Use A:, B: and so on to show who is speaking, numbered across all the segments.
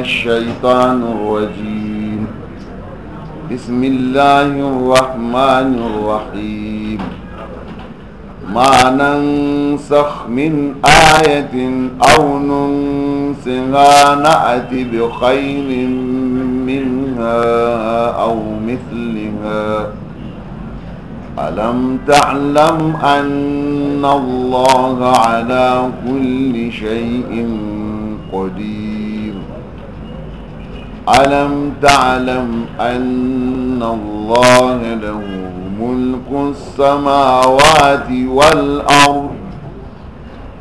A: الشيطان الرجيم بسم الله الرحمن الرحيم ما ننسخ من آية أو ننسها نأتي بخير منها أو مثلها ألم تعلم أن الله على كل شيء قدير ألم تعلم أن الله له ملك السماوات والأرض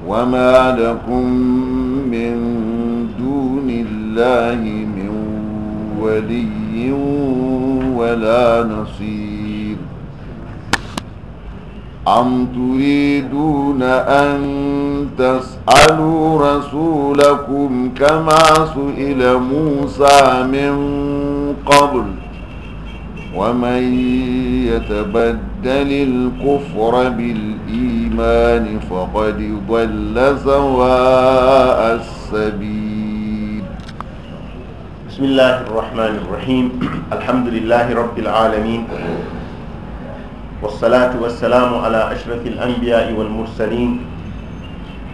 A: وما لكم من دون الله من ولي ولا نصير أم تريدون أن تسألوا اسألوا رسولكم كما سئل موسى من قبل ومن يتبدل الكفر بالإيمان فقد ضل سواء السبيل بسم الله الرحمن الرحيم الحمد لله رب العالمين
B: والصلاة والسلام على أشرف الأنبياء والمرسلين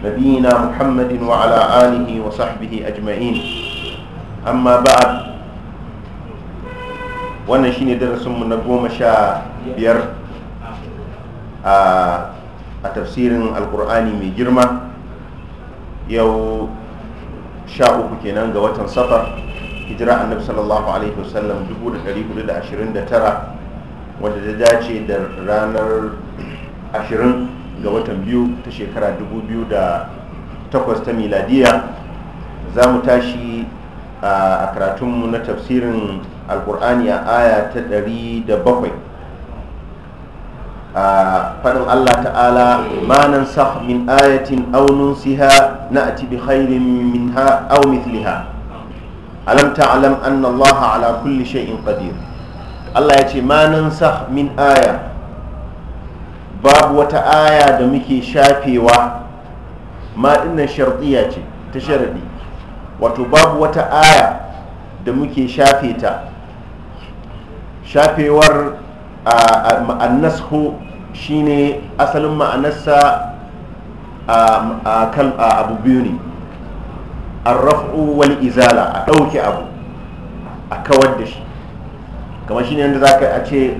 B: نبينا محمد وعلى آله وصحبه أجمعين أما ba'a wannan shine darasinmu na goma sha biyar a tafsirin alkur'ani mai girma yau sha uku kenan ga watan safar hijira annabi sallallahu alaihi wasallam 1429 wadda ta dace da ranar ashirin. ga watan biyu ta shekara 2008 ta miladiya za mu tashi a karatunmu na tafsirin alkur'ani a aya ta 107 a faɗin allah ta'ala manan sah min ayatin aunun siha na bi khairin ha aw mithliha alam ta'lam anna allaha ala kulli shay'in qadir allah ya ce manan sah min aya babu wata aya da muke shafewa ma dinnan shartiya ce ta sharadi wato babu wata aya da muke shafe ta shafewar annasho shine asalin ma'anarsa a kan abu biyu ne arraf'u wal izala a ɗauke abu a kawar da shi kamar ne yadda za ka ce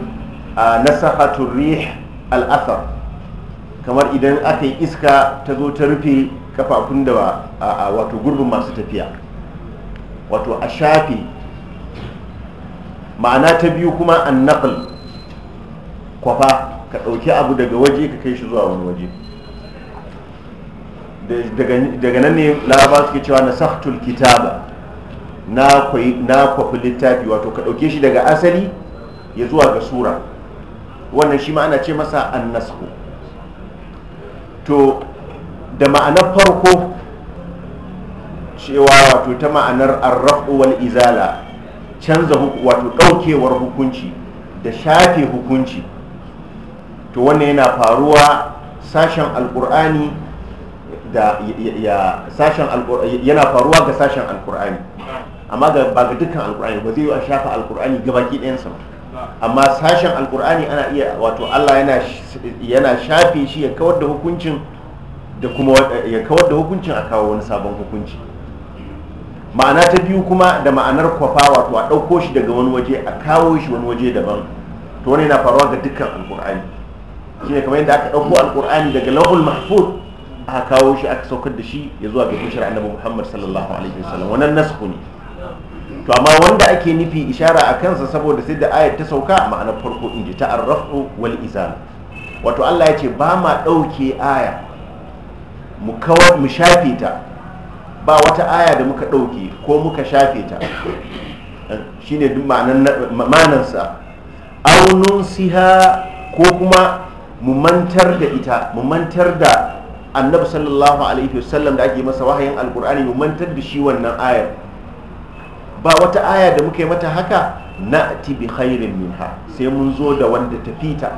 B: a nasahatun rih al'asar kamar idan aka yi iska ta zo ta rufe kafafun da wato gurbin masu tafiya wato a shafi ma'ana ta biyu kuma an naƙal kwafa ka ɗauki abu daga waje ka kai shi zuwa wani waje daga nan ne laraba suke cewa na saftul kitaba na kwafi littafi wato ka ɗauke shi daga asali ya zuwa ga sura wannan shi ma'ana ce masa annasku to da ma'anar farko cewa wato ta ma'anar arrafu wal izala canza wato daukewar hukunci da shafe hukunci to wannan yana faruwa sashen alkur'ani da ya sashen yana faruwa ga sashen alkur'ani amma ba ga dukkan alkur'ani ba zai yi a shafa alkur'ani gabaki ɗayan sama. amma sashen alkur'ani ana iya wato Allah yana shafe shi ya kawar da hukuncin da kuma ya kawar da hukuncin a kawo wani sabon hukunci ma'ana ta biyu kuma da ma'anar kwafa wato a ɗauko shi daga wani waje a kawo shi wani waje daban to wani yana faruwa ga dukkan alkur'ani shi ne kamar yadda aka ɗauko alkur'ani daga lahul mahfud aka kawo shi aka saukar da shi ya zuwa ga bishar annabi muhammad sallallahu alaihi wasallam wannan nasku ne to amma wanda ake nufi ishara a kansa saboda sai da ayat ta sauka ma'anar farko in ji ta arrafu wal izal wato Allah ya ce ba ma ɗauke aya mu kawar mu shafe ta ba wata aya da muka ɗauke ko muka shafe ta shine duk ma'anarsa aunun siha ko kuma mu mantar da ita mu mantar da annabi sallallahu alaihi wasallam da ake masa wahayin alkur'ani mu mantar da shi wannan ayar ba wata aya da muka yi mata haka na bi khairin minha sai mun zo da wanda ta fita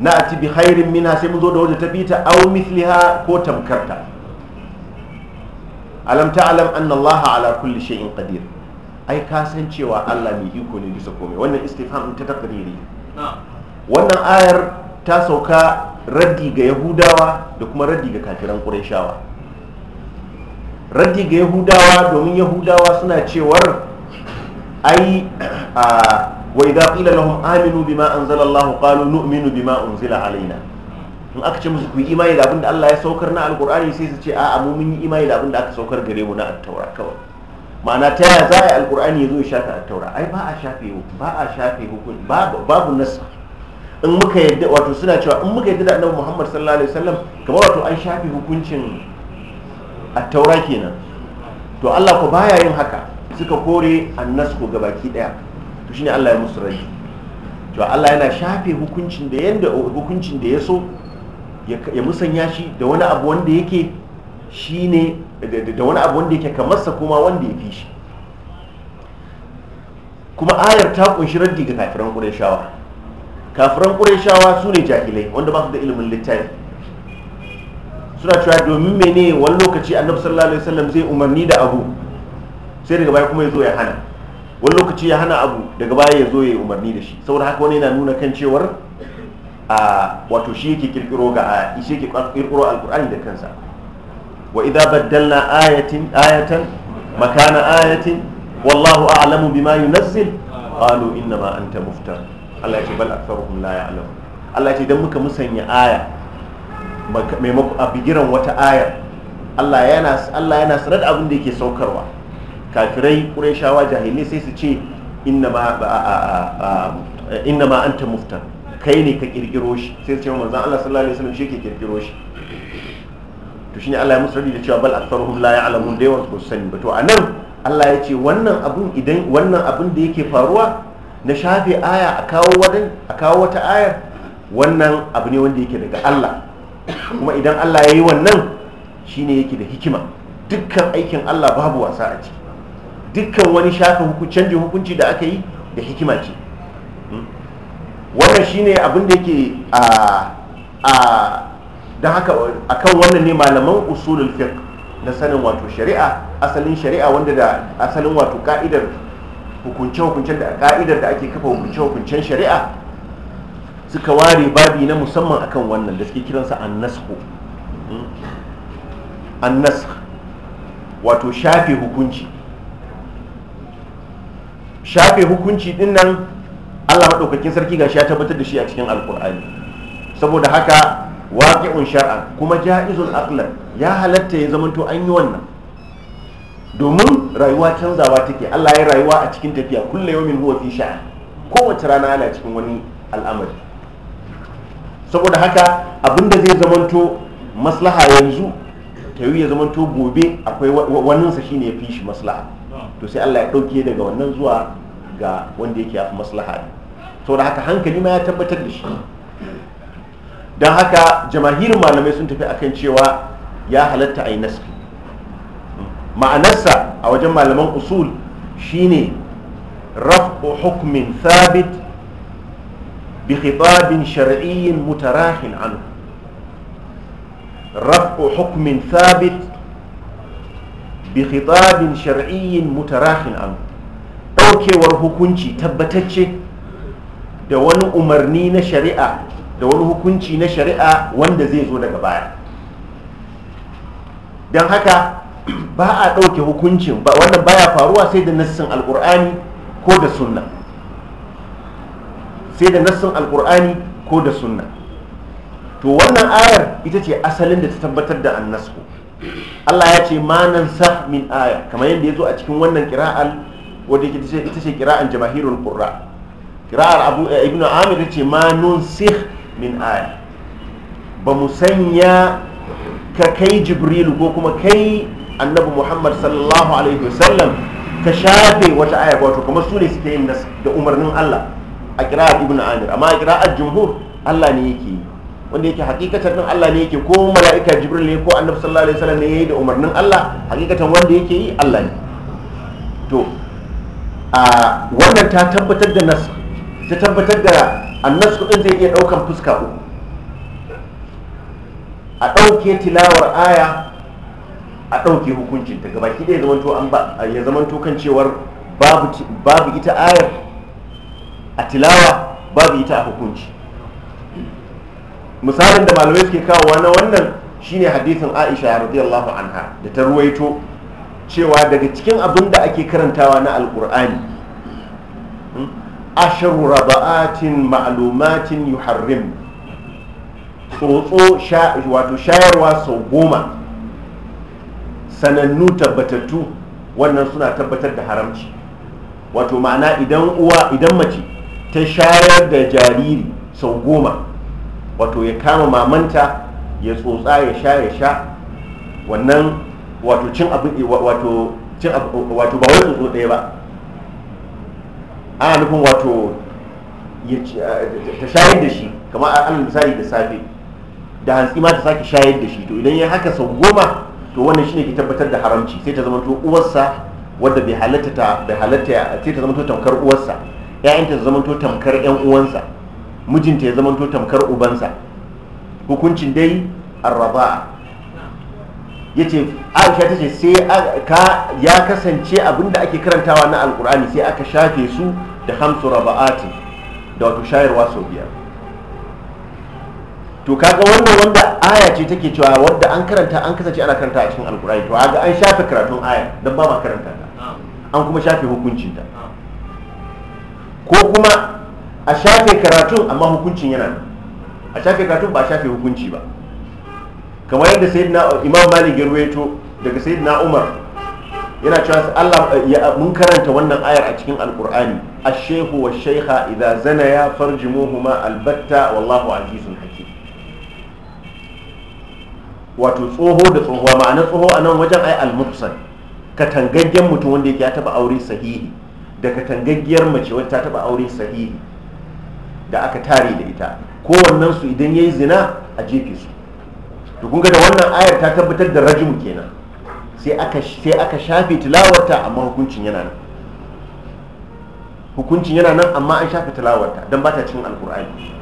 B: na bi khairin minha sai mun zo da wanda ta fita aw mithliha ko tamkarta alam ta'lam anna Allah ala kulli shay'in qadir ai ka san cewa Allah mai iko ne bisa komai wannan istifham ta taqriri wannan ayar ta sauka raddi ga yahudawa da kuma raddi ga kafiran qurayshawa raddi ga yahudawa domin yahudawa suna cewar ai a wai idza qila lahum aminu bima anzala Allah qalu nu'minu bima unzila alaina in aka ce musu ku yi imani da abin da Allah ya saukar na alqur'ani sai su ce a'a mu mun yi imani da abin da aka saukar gare mu na at-taura kawai ma'ana ta yaya za a yi alqur'ani ya zo ya shafe at-taura ai ba a shafe ba a shafe hukunci babu babu nasa in muka yadda wato suna cewa in muka yadda da annabi Muhammad sallallahu alaihi wasallam kamar wato an shafe hukuncin a taura kenan to Allah ku baya yin haka suka kore annasku ga baki daya to shine Allah ya musu rai to Allah yana shafe hukuncin da yanda hukuncin da ya so ya musanya shi da wani abu wanda yake shine da wani abu wanda yake kamar sa kuma wanda ya fi shi kuma ayar ta kunshi raddi ga kafiran qurayshawa kafiran qurayshawa su ne jahilai wanda ba su da ilimin littafi suna cewa domin mene wani lokaci annabi sallallahu alaihi wasallam zai umarni da abu sai daga baya kuma ya zo ya hana wani lokaci ya hana abu daga baya ya zo ya yi umarni da shi saboda haka wani yana nuna kan cewar a wato shi yake kirkiro ga shi yake kirkiro alkur'ani da kansa wa idza baddalna ayatin ayatan makana ayatin wallahu a'lamu bima yunazzil qalu inna ma anta muftar Allah ya ce bal aktharuhum la ya'lamun Allah ya ce dan muka musanya aya a bigiran wata ayar Allah yana Allah sanar da abin da yake saukarwa kafirai shawa jahilai sai su ce inna ma anta muftar kai ne ka kirkiro shi sai su ce manzon Allah sallallahu alaihi wasallam shi ke kirkiro shi to shine Allah ya musu da cewa bal aktharuhum la ya'lamun da yawan su sani ba to anan Allah ya ce wannan abun idan wannan abun da yake faruwa na shafe aya a kawo a kawo wata ayar wannan abu ne wanda yake daga Allah kuma idan Allah ya yi wannan shine yake da hikima dukkan aikin Allah babu wasa a ciki dukkan wani shafa canjin hukunci da aka yi da hikima ce hmm? wannan shine abin da yake a don haka kan wannan ne malaman usulul fiqh na sanin wato shari'a asalin shari'a wanda da asalin wato ka'idar hukunce-hukuncen da ka'idar da ake kafa hukunce-hukuncen shari'a suka ware babi na musamman akan wannan da suke kiransa annasku hmm? annask wato shafe hukunci shafe hukunci din nan allah maɗaukakin sarki ga shi ya tabbatar da shi a cikin alkur'ani saboda haka waƙi'un shar'a kuma ja'izul aqlan ya halatta ya zamanto an yi wannan domin rayuwa canzawa take allah ya rayuwa a cikin tafiya kulle yawmin huwa fi sha'a kowace rana ana cikin wani al'amari saboda haka abinda zai zamanto maslaha yanzu ta yi ya zamanto gobe akwai wannan waninsa shine ya fi shi maslaha to sai Allah ya dauke daga wannan zuwa ga wanda yake yafi maslaha ne saboda haka hankali ma ya tabbatar da shi don haka jamahirin malamai sun tafi akan cewa ya halatta a yi ma'anarsa a wajen malaman usul shine raf'u hukmin thabit بخطاب شرعي متراح عنه رفع حكم ثابت بخطاب شرعي متراح عنه ɗaukewar hukunci tabbatacce da wani umarni na shari'a da wani hukunci na shari'a wanda zai zo daga baya don haka ba a ɗauke hukuncin wannan baya faruwa sai da nassin alkur'ani ko da sunna sai da nassin alkur'ani ko da sunna to wannan ayar ita ce asalin da ta tabbatar da annasku Allah ya ce ma nan sah min aya kamar yadda ya zo a cikin wannan kira'al wadda ita ce kira'an jamahirul qurra kira'ar abu eh, ibn amir ce ma nun sikh min aya ba mu sanya ka kai jibrilu ko kuma kai annabi muhammad sallallahu alaihi wasallam ka shafe wata aya wato kamar su ne suke yin da umarnin Allah a kira'ar ibn amir amma a kira'ar jumhur allah ne yake yi wanda yake hakikatan nan allah ne yake ko mala'ika jibril ne ko annabi sallallahu alaihi wasallam ne yayi da umarnin allah hakikatan wanda yake yi allah ne to a wannan ta tabbatar da nas ta tabbatar da annas din zai iya daukan fuska uku a dauke tilawar aya a ɗauke hukuncin ta gabaki ɗaya ya zamanto kan cewar babu ita ayar a tilawa babu ita a hukunci misalin da malamai suke kawowa na wannan shine hadisin aisha radiyallahu anha da ta ruwaito cewa daga cikin abin da ake karantawa na alkur'ani hmm, asharu raba'atin ma'lumatin yuharrim tsotso wato shayarwa sau goma sanannu tabbatattu wannan suna tabbatar da haramci wato ma'ana idan uwa idan mace ta shayar da jariri sau goma wato ya kama mamanta ya tsotsa ya sha ya sha wannan wato cin abu wato cin abu wato ba wai tsotso ɗaya ba ana nufin wato ta shayar da shi kamar ana misali da safe da hantsi ma ta sake shayar da shi to idan ya haka sau goma to wannan shine ke tabbatar da haramci sai ta zama to uwarsa wadda bai halatta ta bai halatta sai ta zama to tamkar uwarsa ‘ya'yanta ta zamanto tamkar ‘yan uwansa mijinta ya zamanto tamkar ubansa hukuncin dai arraba ya ce aisha ta ce sai ya kasance abinda ake karantawa na alkur'ani sai aka shafe su da hamsu raba'atin da wato shayarwa sau biyar to kaga wannan wanda aya ce take cewa wadda an karanta an kasance ana karanta a cikin alkur'ani to kaga an shafe karatun aya don ba ma karanta ta an kuma shafe hukuncinta ko kuma a shafe karatun amma hukuncin yana nan a shafe karatun ba a shafe hukunci ba kamar yadda na imam malik ya daga daga na umar yana cewa Allah mun karanta wannan ayar a cikin alqur'ani ash-shaykhu wash-shaykha idza farji muhuma albatta wallahu azizun hake wato tsoho da tsohuwa ma'ana tsoho a nan wajen ai al ka tangaggen mutum wanda yake ya taba aure sahihi Daga tangaggiyar mace wacce ta taba aure sahihi da aka tare da ita kowannen su idan yayi zina a jefe su to kun ga da wannan ayar ta tabbatar da rajim kenan sai aka sai aka shafe tilawarta amma hukuncin yana nan hukuncin yana nan amma an shafe tilawarta dan ba ta cikin alkur'ani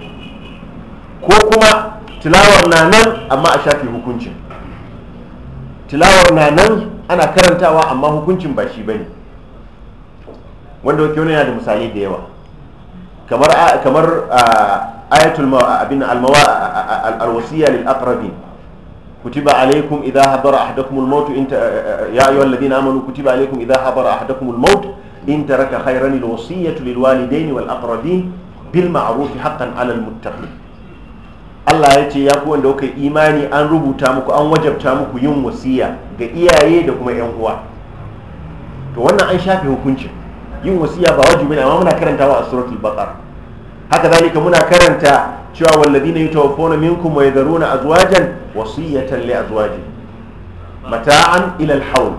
B: ko kuma tilawar na nan amma a shafe hukuncin tilawar na nan ana karantawa amma hukuncin ba shi bane wanda wake wani yana da misali da yawa kamar kamar ayatul ma almawa alwasiya lil aqrabin kutiba alaykum idha hadara ahadakum almaut inta ya ayu alladhina amanu kutiba alaykum idha hadara ahadakum almaut in taraka khayran alwasiyatu lil walidayn wal aqrabin bil ma'ruf haqqan ala almuttaqin Allah ya ce ya ku wanda kuka imani an rubuta muku an wajabta muku yin wasiya ga iyaye da kuma yan uwa to wannan an shafe hukuncin yin wasiya ba wajibi ne amma muna karantawa a suratul baqara haka zalika muna karanta cewa walladina yatawaffawna minkum wa yadharuna azwajan wasiyatan li azwaji mata'an ila al-hawl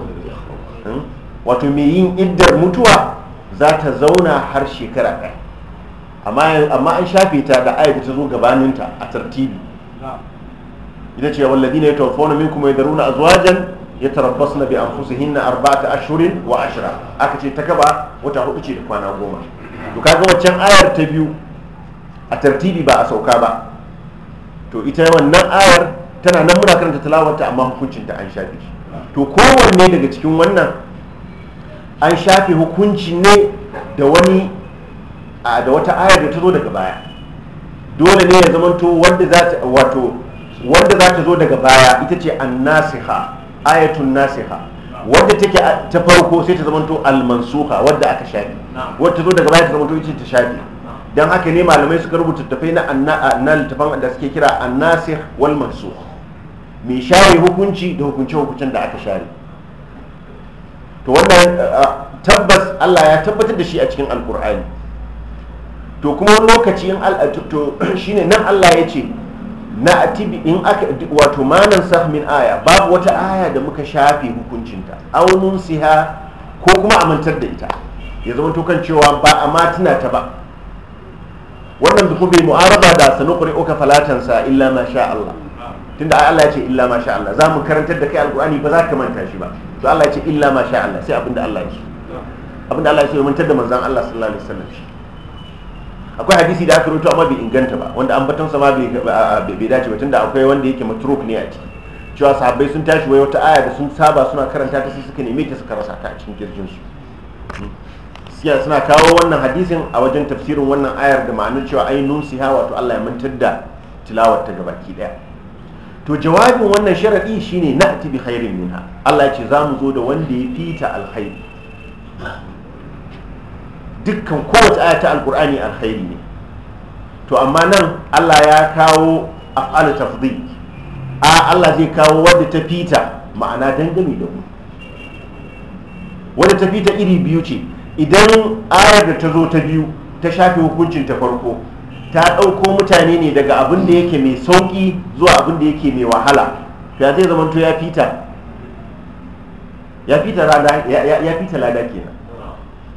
B: hmm? wato me yin iddar mutuwa za ta zauna har shekara ɗaya amma an shafe ta da ayyuka ta zo gabaninta a tartibi ita ce walladina yatawaffawna minkum wa yadharuna azwajan ya tarabbas na bi anfusihin na ta ashirin wa ashira aka ce ta gaba wata hudu ce da kwana goma to ga wancan ayar ta biyu a tartibi ba a sauka ba to ita wannan ayar tana nan muna karanta talawarta amma hukuncin ta an shafe to kowanne daga cikin wannan an shafe hukunci ne da wani da wata ayar da ta zo daga baya dole ne ya zamanto wanda za ta wato wanda za zo daga baya ita ce annasiha ayatun nasiha wadda take ta farko sai ta zamanto almansuha wadda aka shafi wadda zo daga baya ta zamanto ita ta shafi dan haka ne malamai suka rubuta tafai na anna littafan da suke kira annasih wal mansukh mai share hukunci da hukunce hukuncin da aka share to wannan tabbas Allah ya tabbatar da shi a cikin alkur'ani to kuma wani lokaci in to shine nan Allah ya ce na atibi in aka wato manan sahmin aya babu wata aya da muka shafe hukuncinta aunun siha ko kuma amintar da ita ya zama to cewa ba a ma tuna ta ba wannan da kuma mu'araba da sanuqri uka falatan sa illa ma sha Allah tunda Allah ya ce illa ma sha Allah za mu karantar da kai alqur'ani ba za ka manta shi ba to Allah ya ce illa ma sha Allah sai abinda Allah ya ce abinda Allah ya ce ya mantar da manzon Allah sallallahu alaihi wasallam akwai hadisi da aka rubuta amma bai inganta ba wanda ambaton sa ma bai dace ba tunda akwai wanda yake matruk ne a ciki cewa sahabbai sun tashi wai wata aya da sun saba suna karanta ta sai suka neme ta suka rasa ta a cikin kirjin su suna kawo wannan hadisin a wajen tafsirin wannan ayar da ma'anar cewa ai siha wato Allah ya mantar da tilawar ta gabaki daya to jawabin wannan sharadi shine na'ti bi khairin minha Allah ya ce za mu zo da wanda ya fita alkhairi dukkan kowace aya ta alkur'ani alkhairi ne to amma nan Allah ya kawo af'al tafdhil a Allah zai kawo wadda ta fita ma'ana dangane da mu wadda ta fita iri biyu ce idan ayar da ta zo ta biyu ta shafe hukuncin ta farko ta ɗauko mutane ne daga abin da yake mai sauƙi zuwa abin da yake mai wahala ya zai zamanto ya fita ya fita lada kenan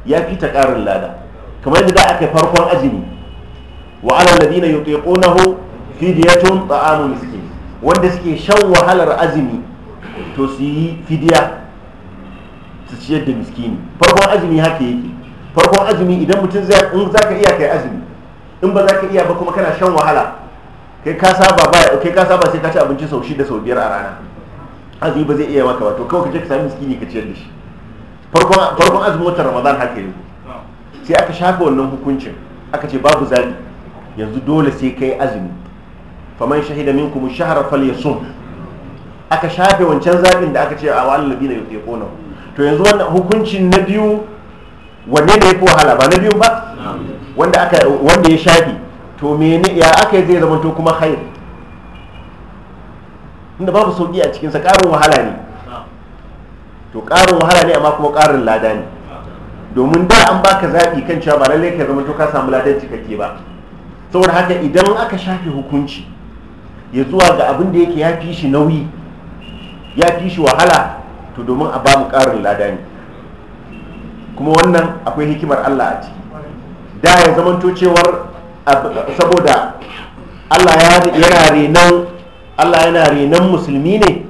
B: ya fi ta ƙarin lada kamar yadda aka yi farkon azumi wa ala ladina yutiqunahu fidyatun ta'amu miskin wanda suke shan wahalar azumi to su yi fidiya su ciyar da miskini farkon azumi haka yake farkon azumi idan mutum zai in zaka iya kai azumi in ba za ka iya ba kuma kana shan wahala kai ka saba ba kai ka saba sai ka ci abinci sau shida sau biyar a rana azumi ba zai iya maka ba to kawai ka je ka sami miskini ka ciyar da shi farkon azumin watan ramadan haka ne sai aka shafe wannan hukuncin aka ce babu zaɓi yanzu dole sai kai azumi faman shahida minkum shahra falyasum aka shafe wancan zaɓin da aka ce a wa'al ladina yutiquna to yanzu wannan hukuncin na biyu wanne ne fi wahala ba na biyu ba wanda aka wanda ya shafi to mene ya aka yi zai zama to kuma khair inda babu sauki a cikin sa karin wahala ne to karin wahala ne amma kuma karin lada ne domin da an baka zaɓi kan cewa ba lallai ka zama to ka samu ladan cikakke ba saboda haka idan aka shafe hukunci ya zuwa ga abin da yake ya fi nauyi ya fi wahala to domin a ba mu ƙarin lada ne kuma wannan akwai hikimar Allah a ciki da ya zamanto cewar saboda Allah yana renon Allah yana renon musulmi ne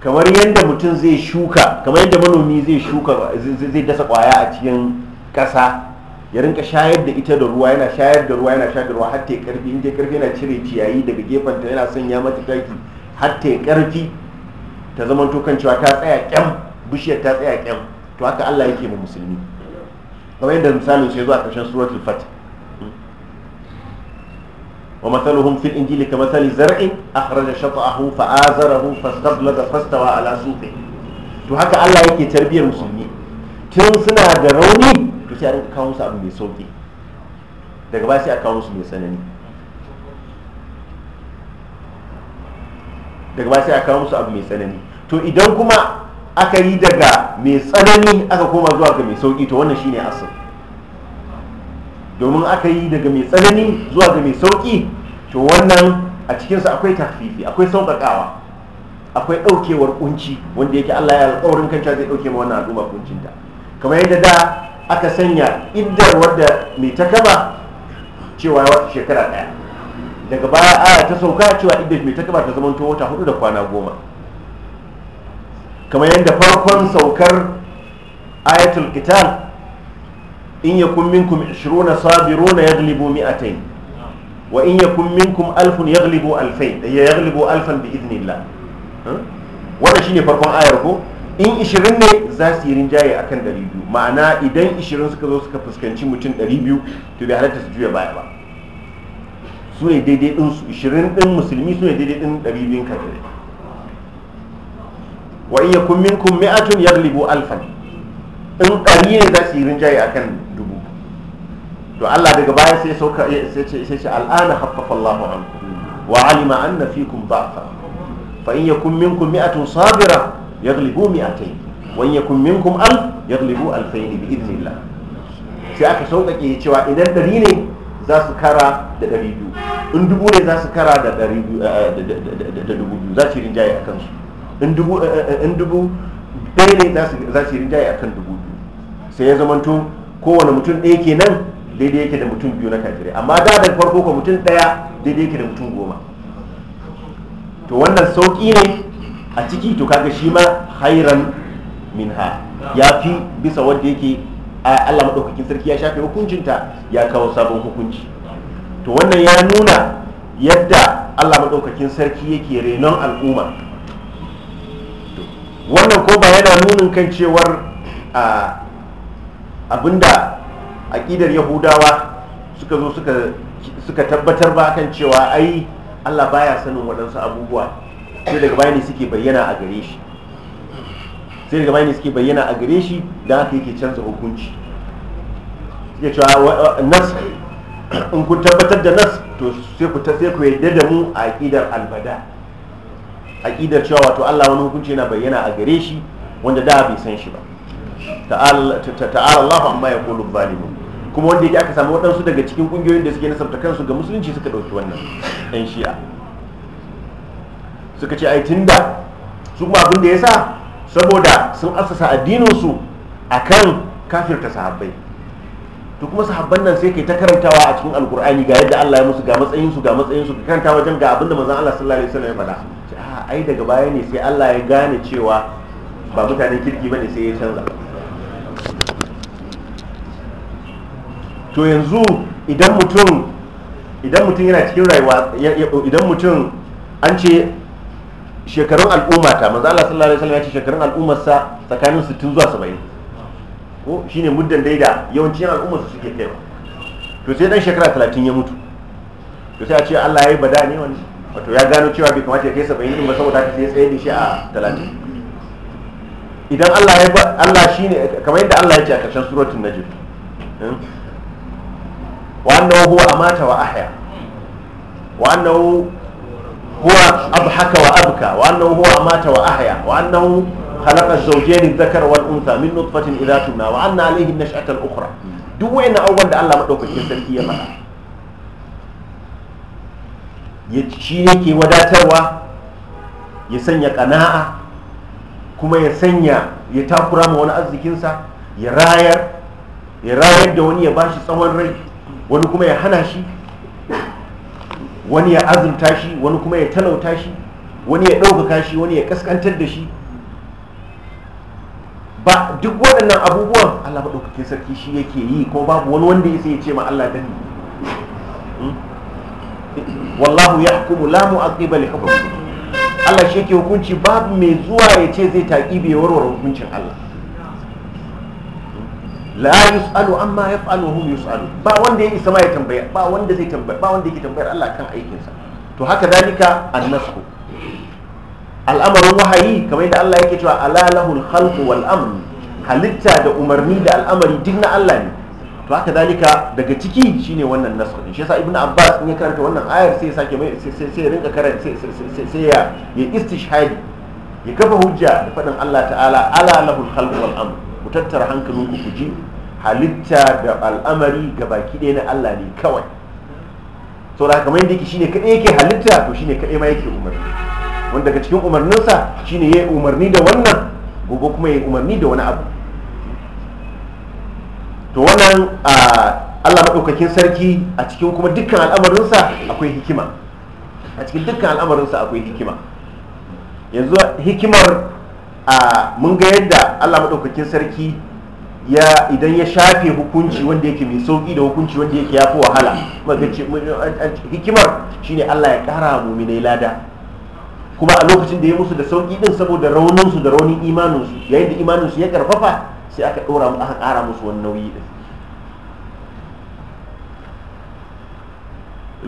B: kamar yadda mutum zai shuka kamar yadda manomi zai shuka zai dasa kwaya a cikin ƙasa ya rinka shayar da ita da ruwa yana shayar da ruwa yana shayar da ruwa har ta karfi in ta karfi yana cire ciyayi daga gefen ta yana sanya mata taki har ta karfi ta zama tokan cewa ta tsaya kyam bishiyar ta tsaya kyam to haka Allah yake mu musulmi kamar yadda misalin sai zuwa karshen suratul fatih ومثلهم في الإنجيل كمثل زرع أخرج شطأه فآزره فاستبلد فاستوى على سوقه to haka Allah yake tarbiyar musulmi tun suna da rauni to sai a rinka kawo musu abu mai sauki daga ba sai a kawo musu mai tsanani daga ba sai a kawo musu abu mai tsanani to idan kuma aka yi daga mai tsanani aka koma zuwa ga mai sauki to wannan shine asali domin aka yi daga mai tsanani zuwa ga mai sauƙi to wannan a cikinsa akwai tafifi akwai sauƙaƙawa akwai ɗaukewar kunci wanda yake allah ya alƙawarin kanta zai ɗauke ma wannan al'umma kuncinta kamar yadda da aka sanya iddar wadda mai ta kama cewa wata shekara ɗaya daga baya aya ta sauka cewa iddar mai ta kama ta to wata hudu da kwana goma kamar yadda farkon saukar ayatul kital in yakun minkum 20 sabiruna yaglibu 200 wa in yakun minkum alfun yaghlibu alfayn yaghlibu alfan bi idnillah wannan shine farkon ayar ko in 20 ne za su yi rinjaye akan 200 ma'ana idan 20 suka zo suka fuskanci mutum 200 to bai halatta su juya baya ba su ne daidai din su 20 din musulmi su ne daidai din 200 kafirai wa in yakun minkum 100 yaglibu 1000 in ƙari ne za su yi rinjaye akan to Allah daga baya sai sauka sai ce sai ce al'ana haffafa Allahu ankum wa alima anna fikum da'fa fa in yakun minkum mi'atun sabira yaghlibu mi'atayn wa in yakun minkum alf yaghlibu alfayn bi idnillah sai aka sauƙaƙe cewa idan ɗari ne za su kara da ɗari biyu in dubu ne za su kara da ɗari eh, eh, da dubu biyu za su yi rinjaye akan su eh, in dubu ɗaya ne za su yi rinjaye akan dubu biyu sai ya zamanto kowane mutum ɗaya kenan daidai yake da mutum biyu na kafirai amma gadon farko ko mutum daya daidai yake da mutum goma to wannan sauƙi ne a ciki to kaga shi ma hairan minha ya fi bisa wanda yake Allah maɗaukakin sarki ya shafe hukuncinta ya kawo sabon hukunci to wannan ya nuna yadda Allah maɗaukakin sarki yake renon al'umma wannan ko ba yana nunin kan cewar abinda aƙidar yahudawa suka zo suka tabbatar ba kan cewa ai allah baya sanin waɗansu abubuwa sai daga baya ne suke bayyana a gare shi sai daga baya ne suke bayyana a gare shi don haka yake canza hukunci suke cewa nas in ku tabbatar da nas to sai ku ta sai ku yadda da mu a aƙidar albada aƙidar cewa wato Allah wani hukunci yana bayyana a gare shi wanda da bai san shi ba ta'ala Allahu amma ya kulu zalimun kuma wanda yake aka samu waɗansu daga cikin ƙungiyoyin da suke nasabta kansu ga musulunci suka ɗauki wannan ɗan shi'a suka ce ai tunda su kuma abin da ya sa saboda sun asasa addininsu a kan kafirta sahabbai to kuma sahabban nan sai kai ta karantawa a cikin alkur'ani ga yadda Allah ya musu ga matsayinsu ga matsayinsu ka karanta wajen ga abin da manzon Allah sallallahu alaihi wasallam ya faɗa ah, ai daga baya ne sai Allah ya gane cewa ba mutanen kirki ba ne sai ya canza to yanzu idan mutum idan mutum yana cikin rayuwa idan mutum an ce shekarun al'umma ta manzo Allah sallallahu alaihi wasallam ya ce shekarun al'umma sa tsakanin 60 zuwa 70 ko shine muddan daida yawancin al'umma su suke kaiwa to sai dan shekara 30 ya mutu to sai a ce Allah ya yi bada ne wani wato ya gano cewa bai kamata ya kai 70 din ba saboda haka sai tsaye da shi a 30 idan Allah ya Allah shine kamar yadda Allah ya ce a karshen suratul najm hmm? وأنه هو أمات وأحيا وأنه هو أضحك وأبكى وأنه هو أمات وأحيا وأنه خلق الزوجين الذكر والأنثى من نطفة إذا تمنى وأن عليه النشأة الأخرى duk wani abubuwan da Allah maɗaukakin sarki ya faɗa ya shi yake wadatarwa ya sanya ƙana'a kuma ya ya takura ma wani arzikinsa ya rayar ya rayar da wani ya bashi tsawon rai wani kuma ya hana shi wani ya azurta shi wani kuma ya talauta shi wani ya ɗaukaka shi wani ya ƙasƙantar da shi ba duk waɗannan abubuwan Allah maɗaukakin sarki shi yake yi ko babu wani wanda sai ya ce ma Allah dani hmm? wallahu ya la lamu li hukmihi Allah shi yake hukunci babu mai zuwa ya ce zai taƙi bai warware hukuncin Allah la yusalu amma yaf'alu hum yusalu ba wanda ya isa ma ya tambaya ba wanda zai tambaya ba wanda yake tambayar Allah kan aikinsa to haka dalika annasu al'amarin wahayi kamar yadda Allah yake cewa ala lahul khalqu wal amr halitta da umarni da al'amari duk na Allah ne to haka dalika daga ciki shine wannan nasu din shi yasa ibnu abbas in ya karanta wannan ayar sai ya sake mai sai sai rinka karanta sai sai ya ya istishhadi ya kafa hujja da fadin Allah ta'ala ala lahul khalqu wal amr ku tattara hankalinku ku ji halitta da al'amari ga baki ɗaya na Allah ne kawai da kamar yadda yake shine kaɗai yake halitta to shine kaɗai ma yake umarni wanda daga cikin umarninsa shine ya yi umarni da wannan gobe kuma ya yi umarni da wani abu to wannan Allah maɗaukakin sarki a cikin kuma dukkan al'amarinsa akwai hikima a cikin dukkan al'amarinsa akwai hikima yanzu hikimar a mun ga yadda Allah madaukakin sarki ya idan ya shafe hukunci wanda yake mai sauki da hukunci wanda yake yafi wahala hikimar shine Allah ya kara muminai lada kuma a lokacin da ya musu da sauki din saboda rauninsu da raunin imaninsu yayin da imaninsu ya karfafa sai aka dora aka kara musu wani nauyi din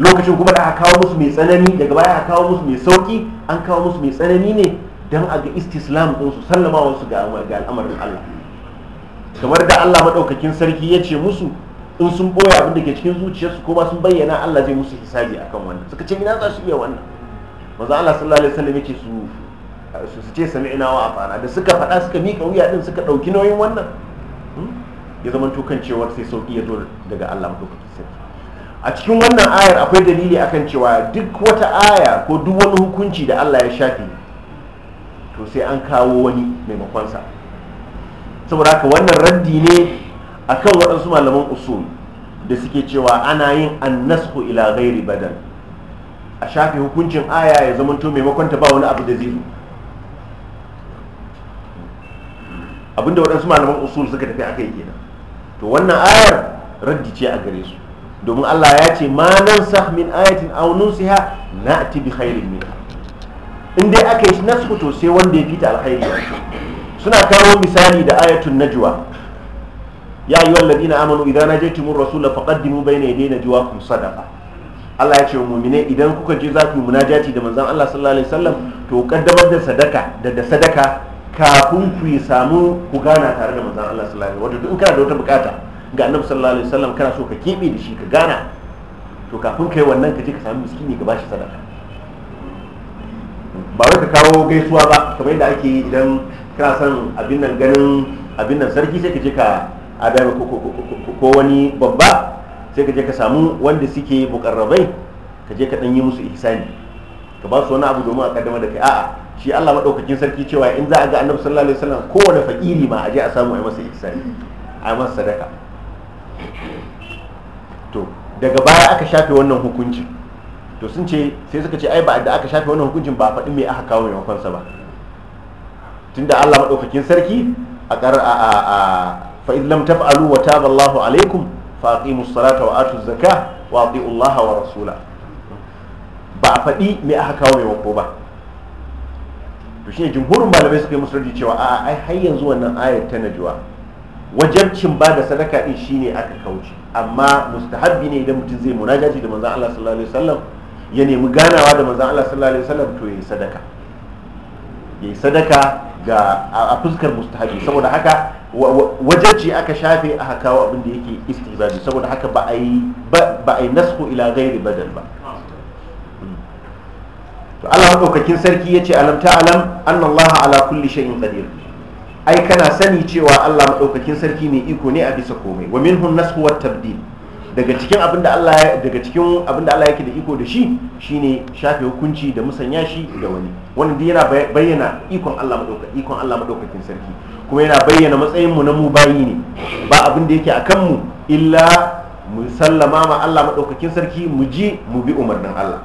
B: lokacin kuma da aka kawo musu mai tsanani daga baya aka kawo musu mai sauki an kawo musu mai tsanani ne don a ga istislam ɗinsu wasu ga al'amarin Allah kamar da Allah maɗaukakin sarki ya ce musu in sun ɓoye abin da ke cikin zuciyarsu ko ba sun bayyana Allah zai musu hisabi akan wannan suka ce ina za su iya wannan maza Allah sallallahu alaihi wasallam yake su su ce ina wa afana da suka faɗa suka miƙa wuya ɗin, suka ɗauki nauyin wannan hmm? ya zama tukan cewar sai sauƙi ya zo daga Allah maɗaukakin sarki a cikin wannan ayar akwai dalili akan cewa duk wata aya ko duk wani hukunci da Allah ya shafe to sai an kawo wani maimakonsa saboda haka wannan raddi ne a kan waɗansu malaman usul da suke cewa ana yin annasku ila ghairi badal a shafi hukuncin aya ya zamanto maimakon ta ba wani abu da zai abinda waɗansu malaman usul suka tafi aka yi kenan to wannan ayar raddi ce a gare su domin Allah ya ce ma nan sah min ayatin siya na a bi khairin minha in dai aka yi nasu to sai wanda ya fita alkhairi suna kawo misali da ayatul najwa ya yi na amanu idan najaytumur rasula qaddimu bayna yaday najwakum sadaqa Allah ya ce wa mu'mine idan kuka je za ku munajati da manzon Allah sallallahu alaihi wasallam to kaddamar da sadaka da da sadaka kafin ku yi samu ku gana tare da manzon Allah sallallahu alaihi wasallam wato in kana da wata bukata ga annabi sallallahu alaihi wasallam kana so ka kebe da shi ka gana to kafin kai wannan ka je ka samu miskini ka bashi sadaka ba wai ka kawo gaisuwa ba kamar yadda ake idan kana son abin nan ganin abin nan sarki sai ka je ka adama ko wani babba sai ka je ka samu wanda suke mukarrabai ka je ka dan yi musu ihsani ka ba su wani abu domin a kaddama da kai a'a shi Allah madaukakin sarki cewa in za a ga annabi sallallahu alaihi wasallam kowane fakiri ma a je a samu a masa ihsani a masa sadaka to daga baya aka shafe wannan hukuncin to sun ce sai suka ce ai ba da aka shafe wannan hukuncin ba faɗi me aka kawo maimakon sa ba tunda Allah madaukakin sarki a kar a a fa in lam taf'alu wa taba Allahu alaikum fa aqimus salata wa atuz zakah wa ati'u Allah wa rasula ba faɗi me aka kawo maimako ba to shine jumhurin malamai suka yi musu raji cewa a ai har yanzu wannan ayat ta najwa wajabcin ba da sadaka din shine aka kauce amma mustahabbi ne idan mutum zai munajaci da manzon Allah sallallahu alaihi wasallam ya nemi ganawa da manzan Allah sallallahu alaihi wasallam to yayi sadaka yayi sadaka ga a fuskar mustahabi saboda haka wajeci aka shafe aka kawo abin da yake istizabi saboda haka ba a yi ba a yi nasku ila ghairi badal ba hmm. to Allah madaukakin sarki yace alam ta'lam alam Allah ala kulli shay'in qadir ai kana sani cewa Allah madaukakin sarki mai iko ne a bisa komai wa minhu nasku wat tabdil daga cikin abin da Allah daga cikin abin da Allah yake da iko da shi shine shafe hukunci da musanya shi da wani wannan duk yana bayyana ikon Allah madauka ikon Allah madaukakin sarki kuma yana bayyana matsayin mu na mu bayi ne ba abin da yake akan mu illa mu sallama ma Allah madaukakin sarki mu ji mu bi umarnin Allah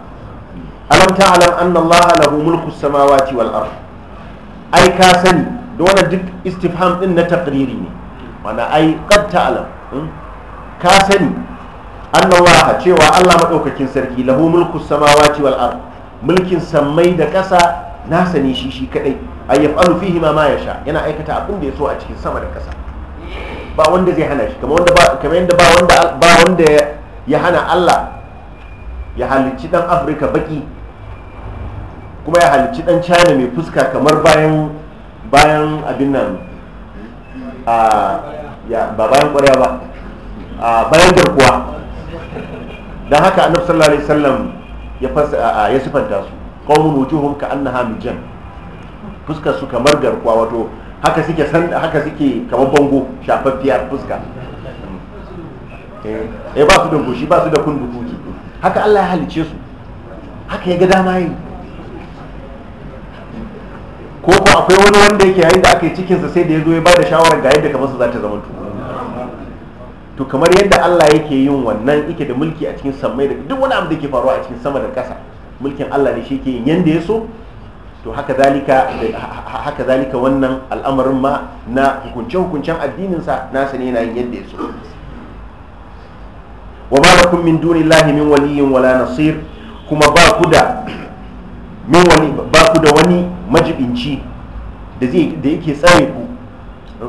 B: alam ta'lam anna Allah lahu mulku samawati wal ard ai ka sani da wannan duk istifham din na taqriri ne mana ai qad ta'lam hmm? ka sani annallaha cewa Allah madaukakin sarki lahu mulku samawati wal ard mulkin sammai da ƙasa nasa ne shi shi kadai ayyaf alu fihi ma ya yasha yana aikata abin da ya so a cikin sama da ƙasa ba wanda zai hana shi kamar wanda ba kamar yanda ba wanda ba wanda ya hana Allah ya halicci dan Afirka baki kuma ya halicci dan China mai fuska kamar bayan bayan abin nan a ya ba bayan ƙwarya ba a bayan garkuwa da haka annabi sallallahu alaihi wasallam ya fasa ya sifanta su qawmun wujuhum ka annaha mijan fuskar su kamar garkuwa wato haka suke san haka suke kamar bango shafaffiya fuska eh, eh ba su da goshi ba su da kundukuki haka Allah ya halice su haka ya ga dama yi ko ko akwai wani wanda yake yayin da aka yi cikinsa sai da ya zo ya bada shawara shawarar ga yadda kamar su za ta zama tuwo to kamar yadda Allah yake yin wannan yake da mulki a cikin sammai da duk wani abu da ke faruwa a cikin sama da ƙasa mulkin Allah ne shi ke yin yanda ya so to haka zalika haka wannan al'amarin ma na hukunce hukuncen addinin sa nasa ne yana yin yanda ya so wa ma lakum min dunillahi min waliyin wala nasir kuma ba ku da wani ba ku da majibinci zai da yake tsare ku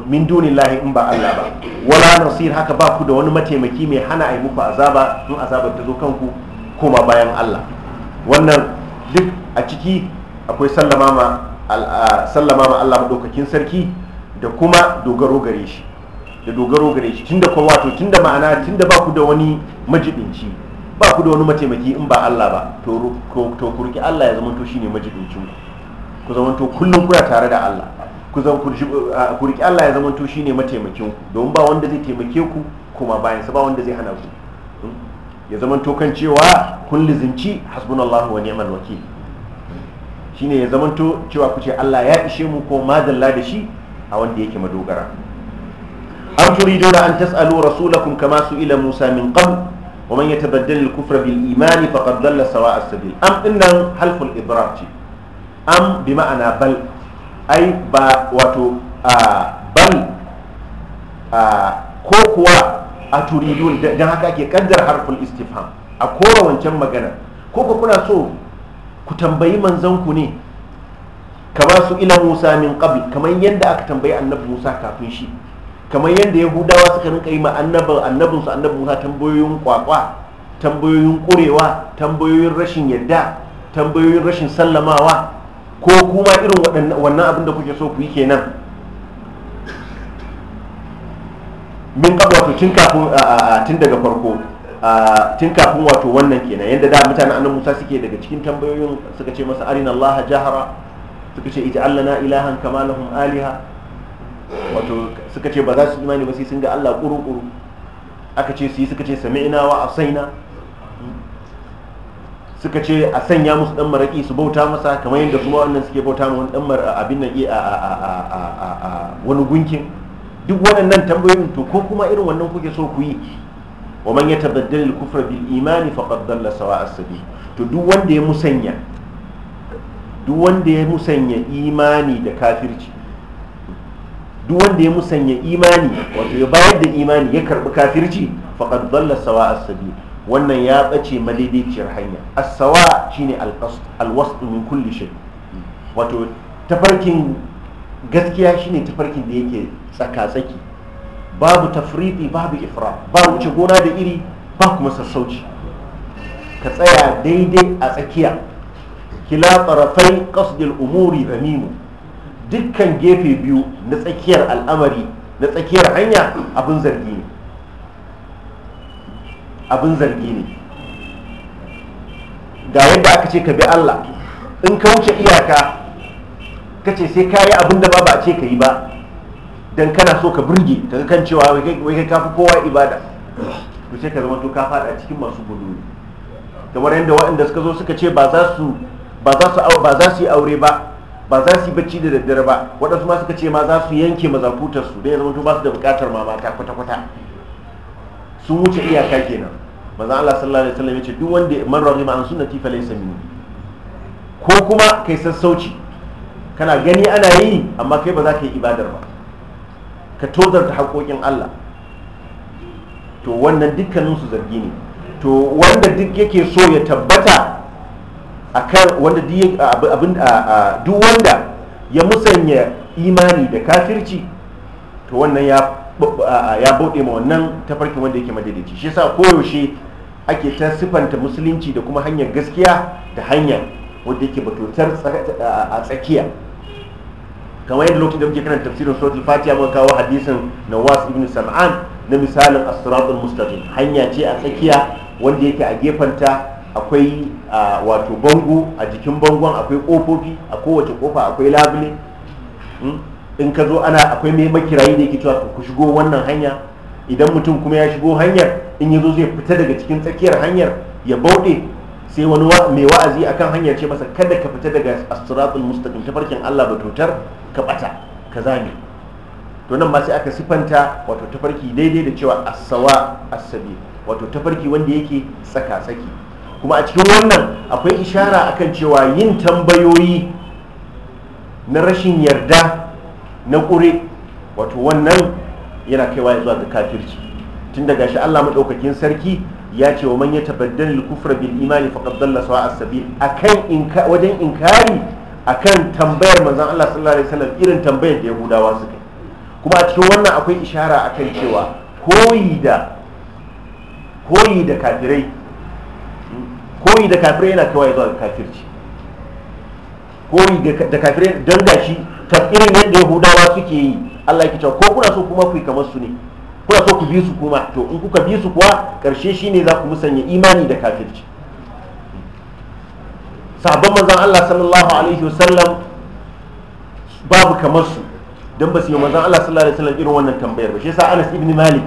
B: min lahi in ba Allah ba wala nasir haka ba ku da wani mataimaki mai hana a yi muku azaba in azabar ta zo kanku koma bayan Allah wannan duk a ciki akwai sallama ma sallama ma Allah madaukakin sarki da kuma dogaro gare shi da dogaro gare shi tunda kuma wato tunda ma'ana tunda ba ku da wani majibinci ba ku da wani mataimaki in ba Allah ba to to ku Allah ya zama to shine majibincin ku ku zama to kullum kuna tare da Allah ku riƙi Allah ya zama to shine mataimakin ku ba wanda zai taimake ku kuma bayan sa ba wanda zai hana ku hmm? ya zama to kan cewa kun lizinci hasbunallahu wa ni'mal wakil shine ya zama to cewa ku ce Allah ya ishe mu ko madalla da shi a wanda yake madogara am dole an tas'alu rasulakum kama su'ila Musa min qabl wa man yatabaddal al-kufra bil iman faqad dalla sawa'a as-sabil am innan halful idraj am bi ma'ana bal ai ba wato a ko kuwa a turidun don haka ke kaddar harful istifham a kora wancan magana ko ku kuna so ku tambayi manzanku ne kama su ila musa min qabl kamar yadda aka tambayi annabi musa kafin shi kamar yadda yahudawa suka rinka yi ma annabin annabinsu annabi musa tambayoyin kwakwa tambayoyin kurewa tambayoyin rashin yadda tambayoyin rashin sallamawa ko kuma irin wannan abin da kuke so ku yi kenan min wato tun kafin tun daga farko tun kafin wato wannan kenan yadda da mutane annan Musa suke daga cikin tambayoyin suka ce masa arina Allah jahara suka ce ij'al allana ilahan kama lahum aliha wato suka ce ba za su imani ba sai sun ga Allah ƙuru-ƙuru aka ce su yi suka ce sami'ina wa asaina suka ce a sanya musu dan maraki su bauta masa kamar yadda kuma wannan suke bauta ma wani dan abin nan a wani gunkin duk waɗannan tambayoyin to ko kuma irin wannan kuke so ku yi wa man yatabaddal al-kufra bil imani faqad dalla sawa'a sabi to duk wanda ya musanya duk wanda ya musanya imani da kafirci duk wanda ya musanya imani wato ya bayar da imani ya karbi kafirci faqad dalla sawa'a sabi wannan ya ɓace malidiciyar hanya asawa shine al min kulli wato tafarkin gaskiya shine tafarkin da yake tsaka tsaki babu tafriti babu ifra babu wuce gona da iri ba kuma sassauci ka tsaya daidai a tsakiya kila tsarafai qasdil umuri zamimu dukkan gefe biyu na tsakiyar al'amari na tsakiyar hanya abin zargi ne abin zargi ne ga yadda aka ce ka bi Allah in ka wuce iyaka ka ce sai ka yi abin da ba ba ce ka yi ba don kana so ka burge ka kan cewa wai kai kafi kowa ibada ku ce ka zama to ka fada cikin masu gudu kamar yadda waɗanda suka zo suka ce ba za su yi aure ba ba za su yi bacci da daddare ba waɗansu ma suka ce ma za su yanke mazakutarsu don ya zama to ba su da bukatar mamata kwata-kwata sun wuce iyaka kenan manzo Allah sallallahu alaihi wasallam yace duk wanda man raghima an sunnati fa laysa minni ko kuma kai sassauci kana gani ana yi amma kai ba za ka yi ibadar ba ka tozarta haƙoƙin Allah to wannan dukkaninsu zargi ne to wanda duk yake so ya tabbata akan wanda duk wanda ya musanya imani da kafirci to wannan ya ya bude ma wannan tafarkin wanda yake madaidaici shi yasa koyaushe ake ta siffanta musulunci da kuma hanyar gaskiya da hanyar wanda yake batutar a tsakiya kamar yadda lokacin da muke karanta tafsirin suratul fatiha muka kawo hadisin nawas ibn sam'an na misalin as-siratul mustaqim hanya ce a tsakiya wanda yake a gefanta akwai wato bango a jikin bangon akwai kofofi a kowace kofa akwai labule hmm? in ka zo ana akwai mai makirayi da yake cewa ku shigo wannan hanya idan mutum kuma ya shigo hanyar in ya zo zai fita daga cikin tsakiyar hanyar ya bauɗe sai wani mai wa'azi akan hanyar ce masa kada ka fita daga as-siratul ta tafarkin Allah ba tutar ka bata ka zame to nan ma sai aka sifanta wato tafarki daidai da cewa asawa asabi wato tafarki wanda yake tsaka tsaki kuma a cikin wannan akwai ishara akan cewa yin tambayoyi na rashin yarda na ƙure wato wannan yana kaiwa ya zuwa ga kafirci tun daga shi Allah maɗaukakin sarki ya ce wa man ya tabaddal kufra bil imani faqad dalla sawa as-sabil akan inka wajen inkari akan tambayar manzon Allah sallallahu alaihi wasallam irin tambayar da Yahudawa suka kuma a cikin wannan akwai ishara akan cewa koyi da koyi da kafirai koyi da kafirai yana kawai zuwa kafirci koyi da kafirai don gashi kan irin yadda yahudawa suke yi allah ya kicewa ko kuna so kuma ku yi kamar su ne kuna so ku bi su kuma to in kuka bi su kuwa karshe shine za ku musanya imani da kafirci sabon manzon allah sallallahu alaihi wasallam babu kamar su don ba su yi manzon allah sallallahu alaihi wasallam irin wannan tambayar ba shi yasa anas ibn malik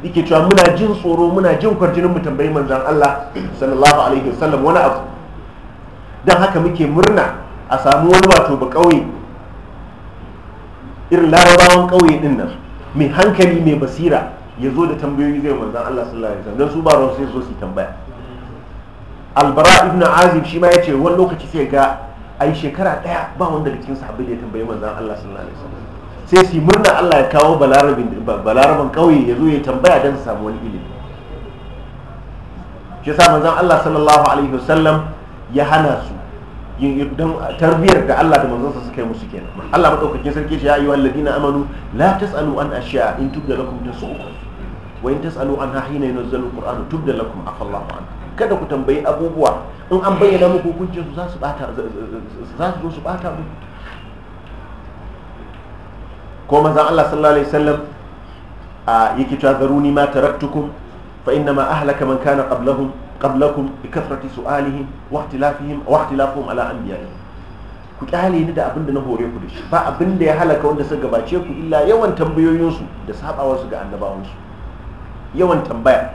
B: yake cewa muna jin tsoro muna jin kwarjinin mu tambayi manzan allah sallallahu alaihi wasallam wani abu don haka muke murna a samu wani wato ba kauye irin larabawan ƙauye din nan mai hankali mai basira ya zo da tambayoyi zai manzan Allah sallallahu alaihi wasallam don su ba ruwan sai zo su tambaya albara ibn azib shi ma ya ce wani lokaci sai ga a yi shekara ɗaya ba wanda da cikin sahabbai da ya tambayi manzan Allah sallallahu alaihi wasallam sai su murna Allah ya kawo balaraban ƙauye ya zo ya tambaya don su samu wani ilimi shi sa manzan Allah sallallahu alaihi wasallam ya hana su don tarbiyar da Allah da manzonsa suka yi musu kenan Allah madaukakin sarki shi ya yi ayyuhal ladina amanu la tasalu an ashiya in tubda lakum tasu'ukum wa in tasalu an hina yunzalu alquran tubda lakum afallahu an kada ku tambayi abubuwa in an bayyana muku hukuncin su za su bata za su zo su bata mu ko manzon Allah sallallahu alaihi wasallam yake cewa zaruni ma taraktukum fa inna ma ahlaka man kana qablahum qablakum bi kasrati su'alihim wa ikhtilafihim wa ikhtilafuhum ku kyale ni da abin na hore ku da shi ba abin da ya halaka wanda suka gabace ku illa yawan tambayoyinsu da sabawarsu ga annabawansu yawan tambaya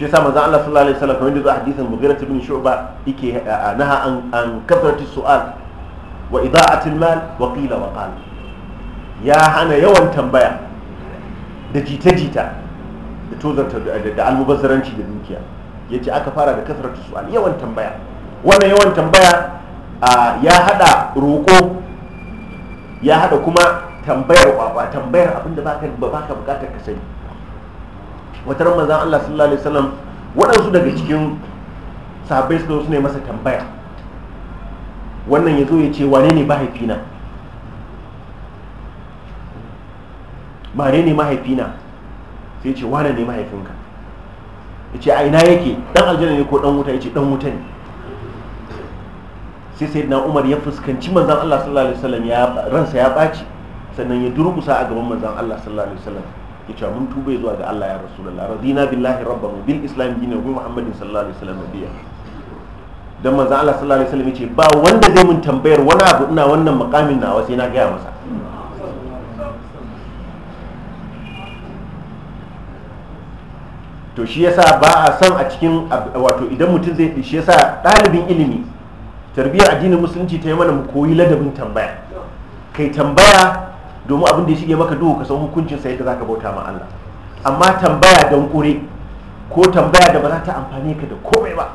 B: shi yasa manzo Allah sallallahu alaihi wasallam kamar da zuwa hadisin Mughira ibn Shu'ba yake eh, eh, naha an an kafarati su'al wa ida'ati al-mal wa qila wa ya hana yawan tambaya da jita-jita da tozarta da almubazzaranci da dukiya yace aka fara da kasar su'al yawan tambaya wannan yawan tambaya ya hada roƙo ya hada kuma tambayar kwakwa tambayar abin da baka baka bukatar ka sani wata ran manzon Allah sallallahu alaihi wasallam waɗansu daga cikin sahabbai su ne masa tambaya wannan ya zo ya ce wane ne mahaifina mare ne mahaifina sai ce wane ne mahaifinka yace a ina yake dan aljanna ne ko dan wuta ce dan wuta ne sai na Umar ya fuskanci manzan Allah sallallahu alaihi wasallam ya ransa ya baci sannan ya durkusa a gaban manzan Allah sallallahu alaihi wasallam ce mun tuba zuwa ga Allah ya rasulullah radina billahi rabbana bil islam dinahu muhammadin sallallahu alaihi wasallam biya dan manzan Allah sallallahu alaihi wasallam ce ba wanda zai mun tambayar wani abu ina wannan makamin nawa sai na gaya masa to shi yasa ba a son a cikin wato idan mutum zai shi yasa ɗalibin ilimi tarbiyyar addinin musulunci ta yi mana mu koyi ladabin tambaya kai tambaya domin abin da ya shige maka duhu ka san hukuncin sa yadda zaka bauta ma Allah amma tambaya don kure ko tambaya da ba za ta amfane ka da komai ba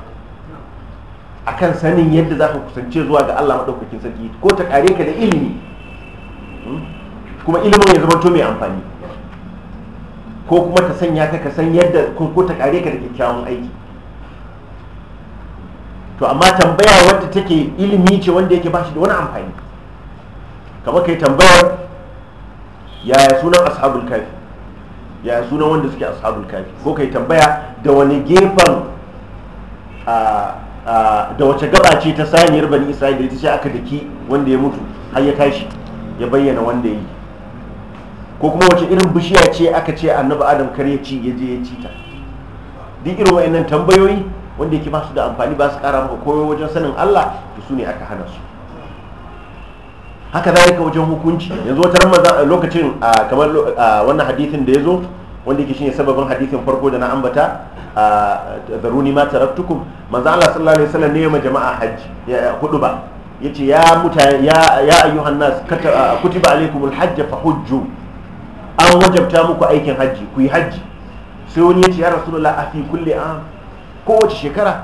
B: akan sanin yadda za ka kusance zuwa ga Allah maɗaukakin sarki ko ta kare ka da ilimi hmm? kuma ilimin ya zama to mai amfani ko kuma ta sanya ka ka san yadda ko ta kare ka da kyakkyawan aiki to amma tambaya wadda take ilimi ce wanda yake bashi da wani amfani kamar kai tambayar yaya sunan ashabul kafi yaya sunan wanda suke ashabul kafi ko kai tambaya da wani gefen da wace gaba ce ta saniyar bani isra'ila ita ce aka daki wanda ya mutu har ya tashi ya bayyana wanda ya yi ko kuma wace irin bishiya ce aka ce annabi adam kare ya ci ya je ya ci ta duk irin wa'annan tambayoyi wanda yake ba su da amfani ba su kara maka koyo wajen sanin Allah to su ne aka hana su haka zalika wajen hukunci yanzu wata maza lokacin kamar wannan hadithin da ya zo wanda yake shine sababin hadithin farko da na ambata zaruni ma taraktukum manzo Allah sallallahu alaihi wasallam ne ma jama'a hajji hudu ba yace ya mutane ya ya ayyuhan nas kutiba alaikumul hajj fa hujju an wajabta muku aikin hajji ku yi hajji sai wani ya ce ya rasulullah a fi kulle a kowace shekara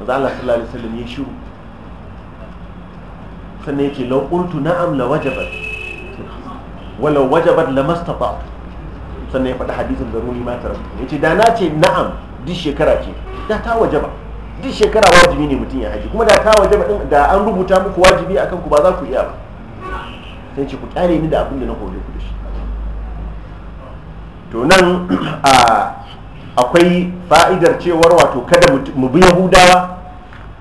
B: maza Allah sallallahu alaihi wasallam ya shiru sannan ya ce lau qultu na'am la wajabat walau wajabat la mastata sannan ya faɗi hadisin da runi ma tarar ya ce da na ce na'am duk shekara ce da ta wajaba duk shekara wajibi ne mutum ya haji kuma da ta wajaba din da an rubuta muku wajibi akan ku ba za ku iya ba sai ce ku kyale ni da abin da na hore ku da shi to nan akwai fa'idar cewar wato kada mu bi yahudawa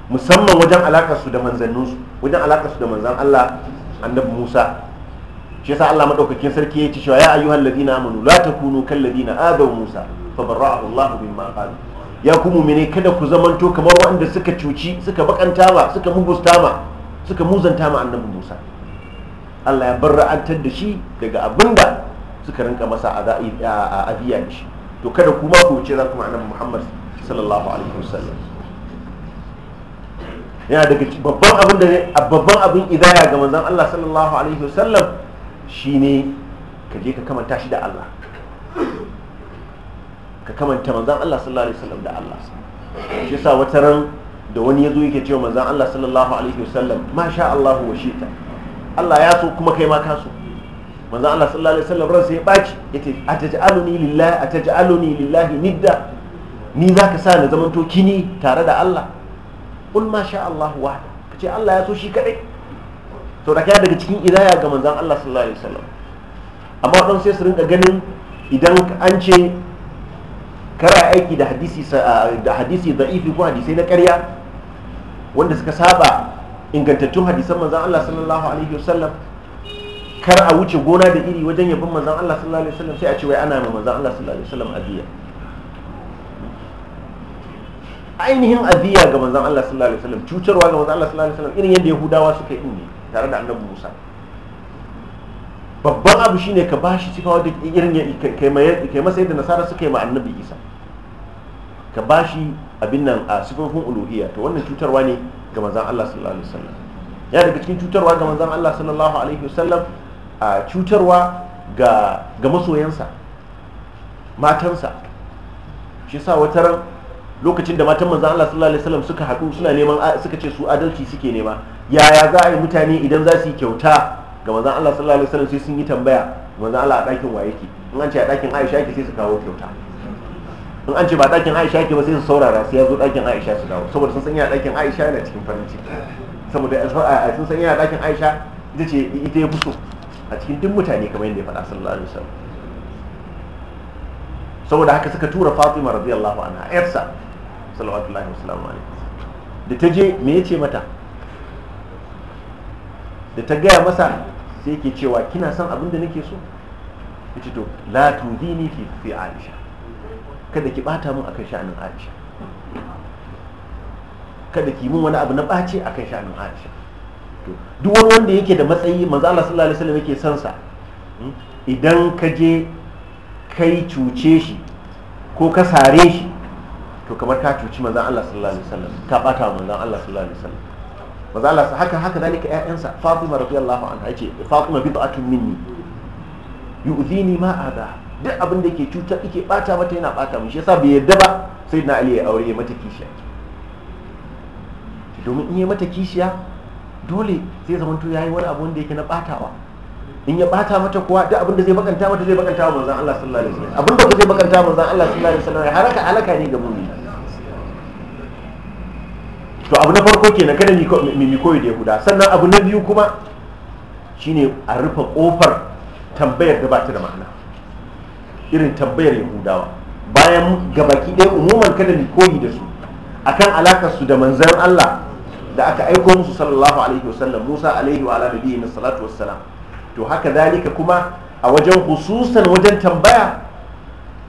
B: musamman wajen alakarsu da manzanninsu wajen alakarsu da manzan allah annabi musa shi yasa allah maɗaukakin sarki ya ce ya ayyuhan ladina amanu la takunu kal ladina adaw musa fa barra'ahu allah mimma qalu ya ku mu'mine kada ku zamanto kamar waɗanda suka cuci suka bakanta ma suka mugusta ba suka muzanta ma annabi musa allah ya barra'antar da shi daga abinda suka rinka masa a adiya da shi to kada kuma ku wuce za ku ma'anar muhammad sallallahu alaihi wasallam yana daga babban abin da ne babban abin idaya ga manzan Allah sallallahu alaihi wasallam ne ka je ka kamanta shi da Allah ka kamanta manzan Allah sallallahu alaihi wasallam da Allah shi sa wata ran da wani ya zo yake cewa manzan Allah sallallahu alaihi wasallam masha Allahu wa shita Allah ya so kuma kai ma ka so manzon Allah sallallahu alaihi wasallam ransa ya baci yace ataj'aluni lillahi ataj'aluni lillahi nidda ni zaka sa na zamanto kini tare da Allah kul ma sha Allah wahda kace Allah ya so shi kadai to da daga cikin idaya ga manzon Allah sallallahu alaihi wasallam amma don sai su rinka ganin idan an ce kara aiki da hadisi da hadisi da'ifi ko hadisai na ƙarya wanda suka saba ingantattun hadisan manzon Allah sallallahu alaihi wasallam kar a wuce gona da iri wajen yabon manzan Allah sallallahu alaihi wasallam sai a ce wai ana ma manzan Allah sallallahu alaihi wasallam aziya ainihin aziya ga manzan Allah sallallahu alaihi wasallam cutarwa ga manzan Allah sallallahu alaihi wasallam irin yadda Yahudawa suka yi ne tare da Annabi Musa babban abu shine ka bashi sifa wadda irin ya kai masa yadda nasara suka yi ma Annabi Isa ka bashi abin nan a sifofin uluhiyya to wannan cutarwa ne ga manzan Allah sallallahu alaihi wasallam ya daga cikin cutarwa ga manzan Allah sallallahu alaihi wasallam a cutarwa ga masoyansa matansa shi sa wata ran lokacin da matan manzan Allah sallallahu alaihi wasallam suka haɗu suna neman suka ce su adalci suke nema yaya za a yi mutane idan za su yi kyauta ga manzan Allah sallallahu alaihi wasallam sai sun yi tambaya manzan Allah a ɗakin wa yake in an ce a ɗakin Aisha yake sai su kawo kyauta in an ce ba ɗakin Aisha yake ba sai su saurara sai ya zo ɗakin Aisha su dawo saboda sun san yana ɗakin Aisha yana cikin farin ciki saboda sun san yana ɗakin Aisha ita ce ita ya fi so a cikin duk mutane kamar yadda ya faɗa sallallahu alaihi wasallam saboda haka suka tura Fatima radiyallahu anha yarsa sallallahu alaihi wasallam da ta je me yace mata da ta gaya masa sai yake cewa kina son abin da nake so yace to la tudini fi fi Aisha kada ki bata min akan sha'anin Aisha kada ki mun wani abu na bace akan sha'anin Aisha duk wani wanda yake da matsayi manzo Allah sallallahu alaihi wasallam yake san sa hmm? idan ka je kai cuce shi ko ka sare shi to kamar ka cuci manzo Allah sallallahu alaihi wasallam ka bata manzo Allah sallallahu alaihi wasallam manzo Allah haka haka zalika ƴaƴansa Fatima radiyallahu anha yace Fatima bid'atun minni yu'zini ma ada duk abin da ke cuta yake bata mata yana bata mu shi yasa bai yarda ba sayyidina Ali ya aure mata kishiya domin in yi mata kishiya dole sai zaman to yayi wani abu wanda yake na batawa in ya bata mata kuwa duk abin da zai bakanta mata zai bakanta wa manzon Allah sallallahu alaihi wasallam abin da zai bakanta manzon Allah sallallahu alaihi wasallam haraka alaka ne ga mu'mini to abu na farko kenan kada mi mi koyi da Yahuda sannan abu na biyu kuma shine a rufe kofar tambayar da ba ta da ma'ana irin tambayar Yahudawa bayan gabaki ɗaya umuman kada mi koyi da su akan alakar su da manzon Allah da aka aiko musu sallallahu alaihi wasallam Musa alaihi wa ala na salatu wassalam to haka dalika kuma a wajen hususan wajen tambaya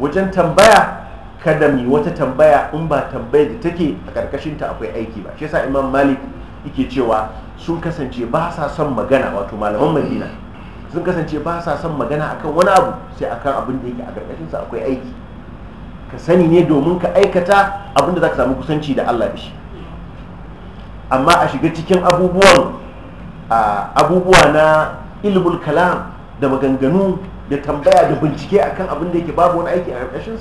B: wajen tambaya kada mi wata tambaya in ba tambayar da take a karkashin ta akwai aiki ba shi yasa Imam Malik yake cewa sun kasance ba sa son magana wato malaman Madina sun kasance ba sa son magana akan wani abu sai akan abin da yake a karkashin sa akwai aiki ka sani ne domin ka aikata abin da zaka samu kusanci da Allah da shi amma a shiga cikin abubuwan abubuwa na ilimin kalam da maganganu da tambaya da bincike akan abin da yake babu wani aiki a ƙarƙashin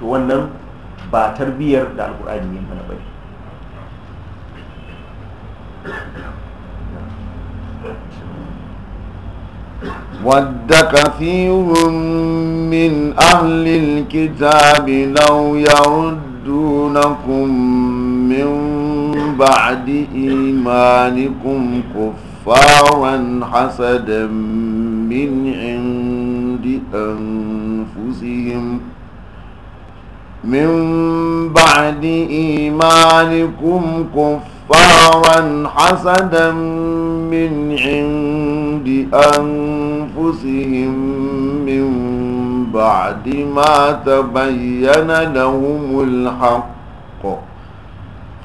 B: to wannan ba tarbiyyar da alkur'ani ya
A: mana bane ود كثير من أهل الكتاب لو يردونكم من بعد إيمانكم كفارا حسدا من عند أنفسهم من بعد إيمانكم كفارا حسدا من عند أنفسهم من بعد ما تبين لهم الحق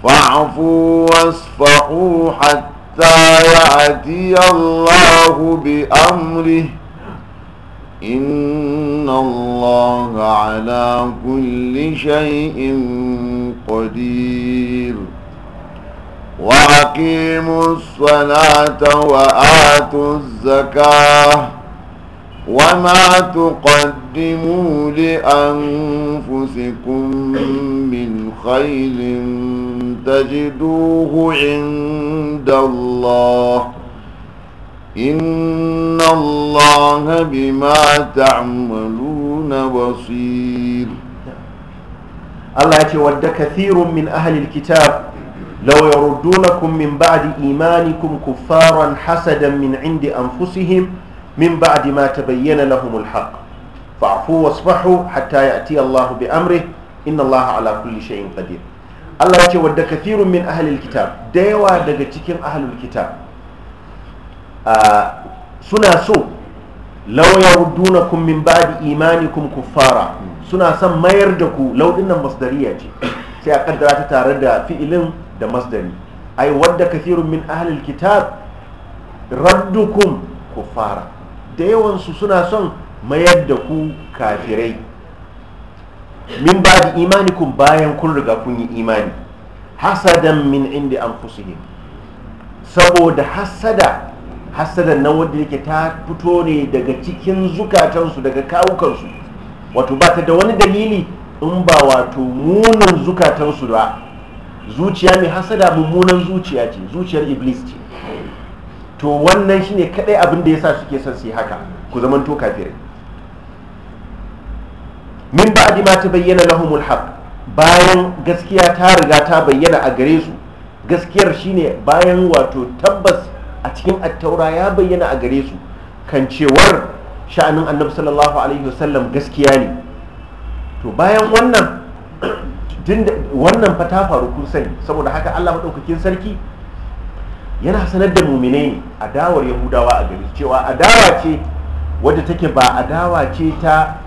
A: واعفوا واصفحوا حتى يأتي الله بأمره إن الله على كل شيء قدير وأقيموا الصلاة وآتوا الزكاة وما تقدموا لأنفسكم من خير تجدوه عند الله إن الله بما تعملون بصير الله يتود كثير من
B: أهل الكتاب لو يردونكم من بعد إيمانكم كفارا حسدا من عند أنفسهم من بعد ما تبين لهم الحق فاعفوا واصفحوا حتى يأتي الله بأمره إن الله على كل شيء قدير Allah ya ce wadda kafirun min ahalil kitab da yawa daga cikin ahlul kitab suna so lauya duna kun min imani kun kufara suna son mayar da ku laudin nan masdariya ce sai a kaddara ta tare da fi'ilin da masdari ai wadda kafirun min ahalil kitab raddukum kufara da yawansu suna son mayar da ku kafirai min imani kun bayan kun riga kun yi imani hasadan min indi anfusihim saboda hasada hasadan nan wanda yake ta fito ne daga cikin zukatansu daga kawukansu wato ba ta da wani dalili in ba wato munin zukatansu ba zuciya mai hasada mummunan zuciya ce zuciyar iblis ce to wannan shine kadai abin da yasa suke son su yi haka ku zaman to kafirai min ba'di ma bayyana lahumul haq bayan gaskiya ta riga ta bayyana a gare su gaskiyar shine bayan wato tabbas a cikin attaura ya bayyana a gare su kan cewar sha'anin annabi sallallahu alaihi wasallam gaskiya ne to bayan wannan wannan fa faru kun sani saboda haka Allah madaukakin sarki yana sanar da muminai ne adawar yahudawa a gare cewa adawa ce wadda take ba adawa ce ta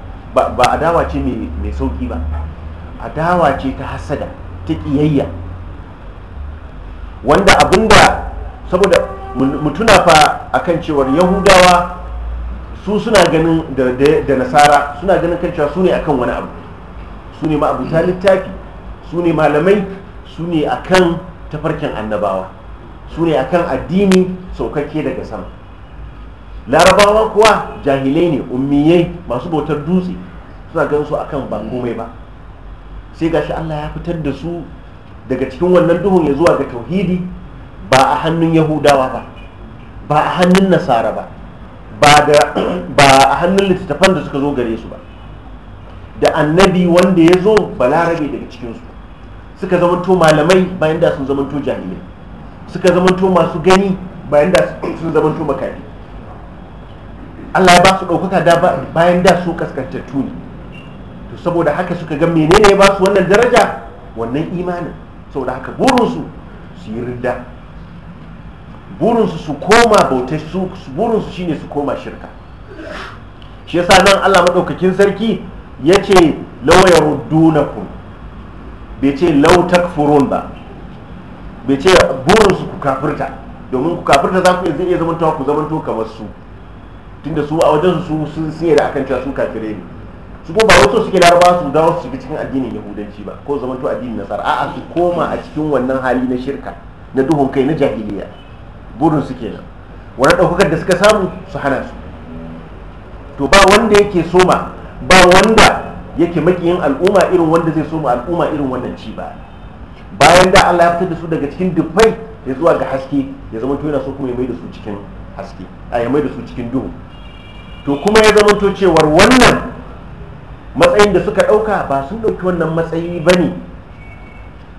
B: ba adawa ce mai sauki ba adawa ce ta hasada ta kiyayya wanda abinda saboda mutuna fa akan cewar yahudawa su suna ganin da nasara suna ganin kan cewa su ne akan wani abu su ne ma'abuta littafi su ne malamai su ne akan tafarkin annabawa su ne akan addini saukakke daga sama larabawa kuwa jahilai ne ummiyai masu bautar dutse suna gan su akan ba komai ba sai gashi Allah ya fitar da su daga cikin wannan duhun ya zuwa ga tauhidi ba a hannun yahudawa ba ba a hannun nasara ba ba a hannun littattafan da suka zo gare su ba da annabi wanda ya zo balarabe daga cikinsu suka zamanto malamai bayan da sun zamanto jami'ai suka zamanto masu gani bayan da sun zamanto makari allah ya ba su ɗaukaka bayan da su kaskantattu ne saboda haka suka ga menene ba su wannan daraja wannan imanin saboda haka burinsu su yi ridda burinsu su koma bauta su burinsu shine su koma shirka shi yasa nan Allah madaukakin sarki ya ce law yaruddunakum bai ce law takfurun ba bai ce burinsu ku kafirta domin ku kafirta za ku iya zama ku zamanto kamar su tunda su a wajen su sun siya da akan cewa su kafirai ne su ba wasu suke larabawa su dawo su shiga cikin addinin yahudanci ba ko zamanto addinin nasara a'a su koma a cikin wannan hali na shirka na duhun kai na jahiliya burin su kenan wani ɗaukakar da suka samu su hana su to ba wanda yake soma ba wanda yake makiyin al'umma irin wanda zai soma al'umma irin wannan ci ba bayan da Allah ya fitar da su daga cikin dubbai ya zuwa ga haske ya zama yana so kuma ya mai da su cikin haske a ya mai da su cikin duhu to kuma ya zama to cewar wannan matsayin da suka ɗauka ba sun ɗauki wannan matsayi ba ne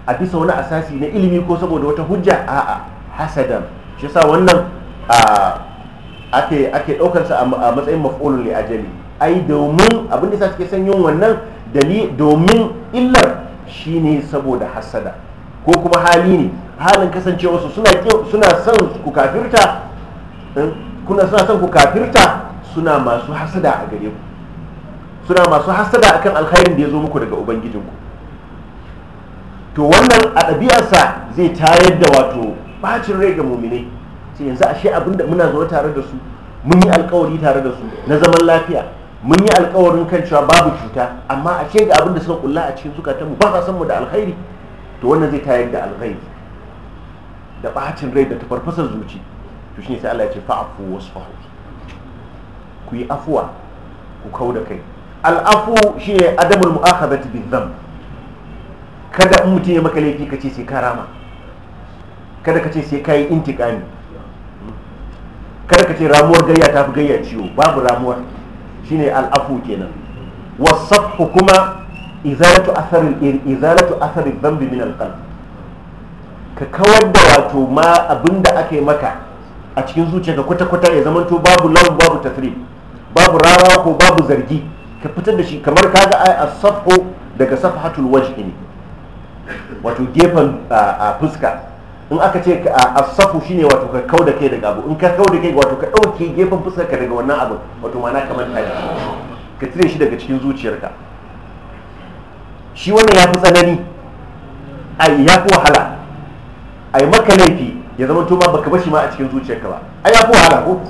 B: a bisa wani asasi na ilimi ko saboda wata hujja a'a hasadan shi sa wannan ake ake ɗaukarsa a matsayin mafolin li ajali ai domin abin sa suke son yin wannan dali domin illar shi ne saboda hasada ko kuma hali ne halin kasancewarsu suna son ku kafirta eh, suna son ku kafirta suna masu hasada a gare ku suna masu hasada akan alkhairin da ya zo muku daga ubangijinku to wannan a ɗabi'arsa zai tayar da wato bacin rai ga muminai sai yanzu ashe abin da muna zuwa tare da su mun yi alkawari tare da su na zaman lafiya mun yi alkawarin kan cewa babu cuta amma ashe ga abin da suka kulla a cikin mu ba sa san mu da alkhairi to wannan zai tayar da alkhairi da bacin rai da tafarfasar zuci to shine sai Allah ya ce fa'fu wasfahu ku yi afuwa ku kau da kai al'afu shi ne adamul mu'akhadati bin zam kada in mutum ya maka laifi ka ce sai ka rama kada ka ce sai ka yi kada ka ce ramuwar gayya ta fi gayya ciwo babu ramuwar shi ne al'afu kenan wasafu kuma izalatu asarin izalatu asarin zambi min alqalb ka kawar da wato ma abinda aka yi maka a cikin zuciyarka kwata-kwata ya zamanto babu lawan babu tasiri babu rarawa ko babu zargi ka fitar da shi kamar ka ga ai asafo daga safhatul wajhi ne wato gefen a fuska in aka ce as-safu shine wato ka kauda kai daga abu in ka kauda kai wato ka dauke gefen fuska ka daga wannan abu wato ma'ana kamar yi ka cire shi daga cikin zuciyarka shi wannan ya fi tsanani ai ya fi wahala ai maka laifi ya zama to ma baka bashi ma a cikin zuciyarka ba ai ya fi wahala ko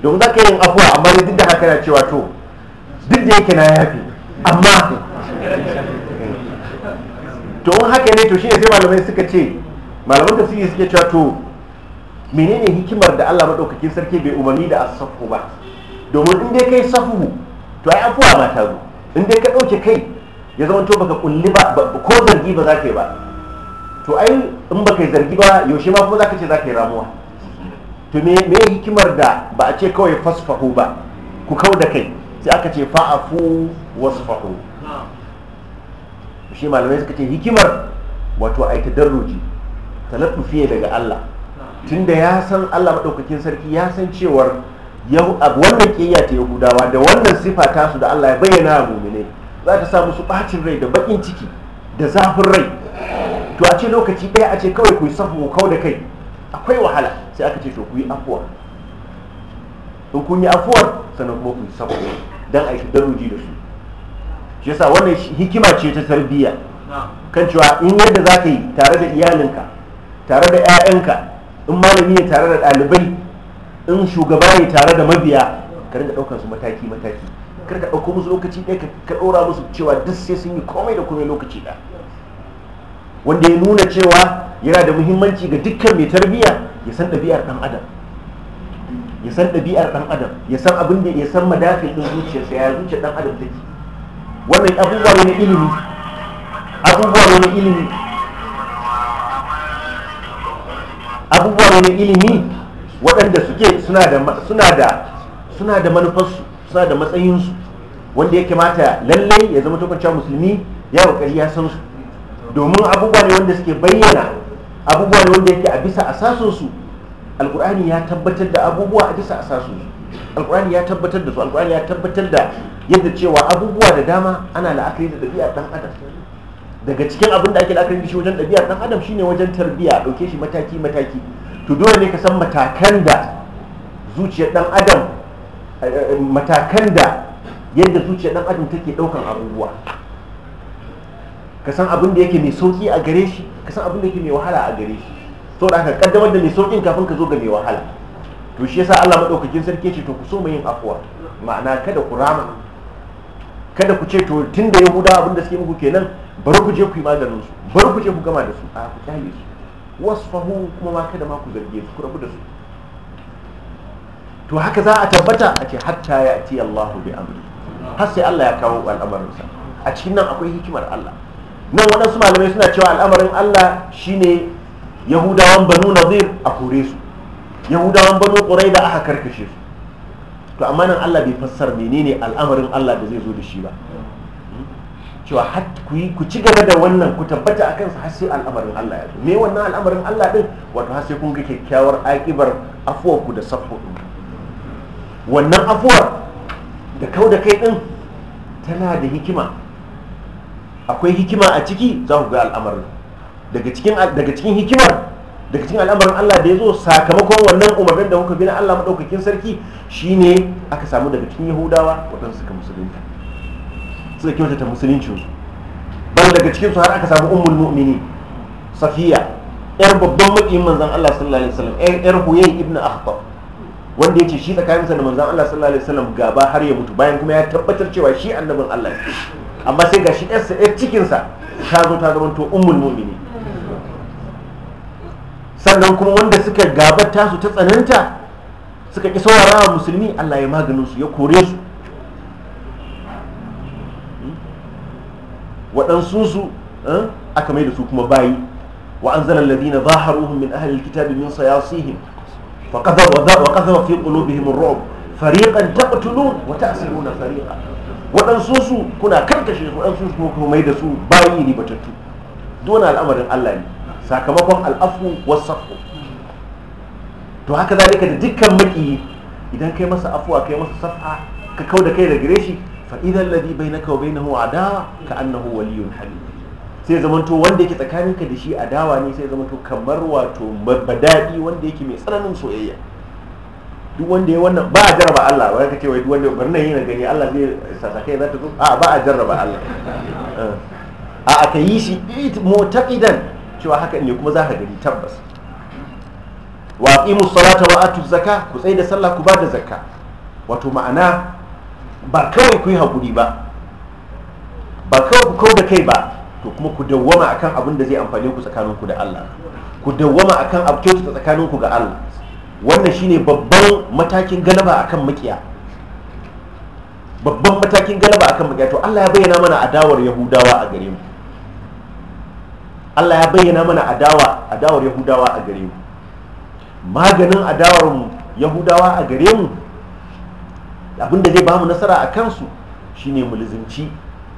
B: domin za ka yi afuwa amma duk da haka na cewa to duk da yake na yafi amma to in haka ne to shine sai malamai suka ce malaman da suke cewa to menene hikimar da Allah madaukakin sarki bai umarni da asafu ba domin in dai kai safu to ai afuwa ma ta zo in dai ka dauke kai ya zama to baka kulli ba ko zargi ba za yi ba to ai in baka yi zargi ba yaushe ma kuma zaka ce za yi ramuwa to me hikimar da ba a ce kawai fasfahu ba ku kau da kai sai aka ce fa'afu wasfahu shi malamai suka ce hikimar wato ai tadarruji fiye daga Allah tunda ya san Allah maɗaukakin sarki ya san cewar wannan kiyaya ta yahudawa da wannan sifa su da Allah ya bayyana a mumine za ta sa musu ɓacin rai da baƙin ciki da zafin rai to a ce lokaci ɗaya a ce kawai ku yi safu kau da kai akwai wahala sai aka ce to ku yi afuwa in kun yi afuwar sannan kuma ku yi safu don aiki yi daruji da su shi yasa wannan hikima ce ta tarbiyya kan cewa in yadda za ka yi tare da iyalinka tare da 'ya'yanka in malami ne tare da ɗalibai in shugaba ne tare da mabiya ka rinka ɗaukar su mataki mataki kar ka ɗauko musu lokaci ɗaya ka ɗora musu cewa duk sai sun yi komai da komai lokaci ɗaya wanda ya nuna cewa yana da muhimmanci ga dukkan mai tarbiyya ya san ɗabi'ar ɗan adam ya san ɗabi'ar ɗan adam ya san abin da ya san madafin ɗin zuciyarsa ya zuciyar ɗan adam take wannan abubuwa ne na ilimi abubuwa ne na ilimi abubuwa ne na ilimi waɗanda suke suna da suna da suna da manufarsu suna da matsayinsu wanda ya kamata lallai ya zama tukwancin musulmi ya kokari ya san su domin abubuwa ne wanda suke bayyana abubuwa ne wanda yake a bisa asasinsu alkur'ani ya tabbatar da abubuwa a bisa asasu alkur'ani ya tabbatar da su alkur'ani ya tabbatar da yadda cewa abubuwa da dama ana la'akari da ɗabi'ar ɗan adam daga cikin abin da ake la'akari da shi wajen ɗabi'ar ɗan adam shine wajen tarbiyya a ɗauke shi mataki mataki to dole ne ka san matakan da zuciyar ɗan adam eh, eh, matakan da yadda zuciyar ɗan adam take ɗaukan abubuwa ka san abin da yake mai sauki a gare shi ka san abin da yake mai wahala a gare shi so da aka kaddamar da mai sauƙin kafin ka zo ga mai wahala to shi yasa Allah madaukakin sarki ce to ku so mu yin afwa ma'ana kada ku rama kada ku ce to tunda yahuda abinda suke muku kenan bari ku je ku yi maganin su bari ku je ku gama da su a ku kyale su wasfahu kuma ma kada ma ku zarge su ku rabu da su to haka za a tabbata a ce hatta ya ti Allahu bi amri har sai Allah ya kawo al'amarinsa a cikin nan akwai hikimar Allah nan waɗansu malamai suna cewa al'amarin Allah shine yahudawan banu zai a kore su yahudawan banu kurai da aka karkashe su to amma nan allah bai fassar menene al'amarin allah da zai zo da shi ba cewa ku ci gaba da wannan ku tabbata akan su al'amarin Allah ya zo me wannan al'amarin Allah din wato kun ga kyakkyawar aƙibar afuwar da saffo din wannan afuwar da kau da kai din tana da hikima akwai hikima a ciki za ku ga al'amarin daga cikin daga cikin hikimar daga cikin al'amarin Allah da ya zo sakamakon wannan umarnin da muka bi na Allah maɗaukakin sarki shine aka samu daga cikin yahudawa waɗansu suka musulunta suka kyautata su ban daga cikinsu har aka samu ummul mu'mini safiya yar babban maƙiyin manzan Allah sallallahu alaihi wasallam yar huyay ibn akhtab wanda ya ce shi tsakaninsa da manzan Allah sallallahu alaihi wasallam gaba har ya mutu bayan kuma ya tabbatar cewa shi annabin Allah ne amma sai gashi shi yarsa yar cikinsa ta zo ta zama to ummul mu'mini sannan kuma wanda suka gabata su ta tsananta suka ƙi saurara wa musulmi allah ya maganin su ya kore su hmm? waɗansu su eh, aka mai da su kuma bayi wa an zana ladina zaharuhum min ahalil kitabi min sayasihim wa qadhawa fi qulubihim ar-ru'b fariqan taqtulun wa na fariqan waɗansu su kuna karkashe waɗansu su kuma mai da su bayi ne batattu dole al'amarin allah ne sakamakon al'afu safu. to haka zalika da dukkan maki idan kai masa afuwa kai masa safa ka kau da kai da gire shi fa idan ladhi bai na huwa adawa ka annahu liyun hali sai to wanda yake tsakaninka da shi adawa ne sai to kamar wato badadi wanda yake mai tsananin soyayya duk wanda ya wannan ba a jarraba Allah Wani ka ce wai duk wanda bar nan yana gani Allah zai sasaka ya zata zo a ba a jarraba Allah eh, a ka yi shi it mutaqidan cewa haka ne kuma za ka gani tabbas wa aqimu salata wa atu zakka ku tsaye da sallah ku ba da zakka wato ma'ana ba kawai ku yi hakuri ba ba kawai ku kau da kai ba to kuma ku dawwama akan abin da zai amfane ku tsakaninku da Allah ku dawwama akan abu kyautata tsakaninku ga Allah wannan shine babban matakin galaba akan makiya babban matakin galaba akan makiya to Allah ya bayyana mana adawar Yahudawa a gare mu Allah ya bayyana mana adawa adawar yahudawa a gare mu maganin adawar yahudawa a gare mu abin da zai bamu nasara a kansu shine mu lizinci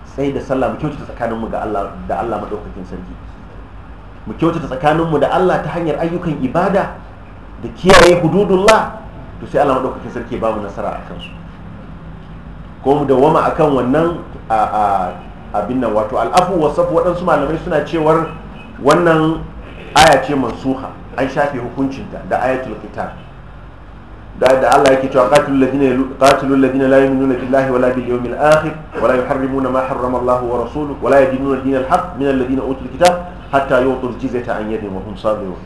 B: sai da sallah mu kyautata tsakaninmu ga Allah da Allah madaukakin sarki mu kyautata tsakaninmu da Allah ta hanyar ayyukan ibada da kiyaye hududullah to sai Allah madaukakin sarki ya bamu nasara a kansu ko mu dawwama akan wannan a abin nan wato al'afu wasafu waɗansu malamai suna cewar wannan aya ce mansuha an shafe hukuncinta da ayatul qital da da Allah yake cewa qatilul ladina qatilul ladina la yu'minuna billahi wala bil yawmil akhir wala yuharrimuna ma harrama Allah wa rasuluhu wala yadinuna dinal haqq min alladina utul kitab hatta yu'tul jizyata an yadin wa hum sabirun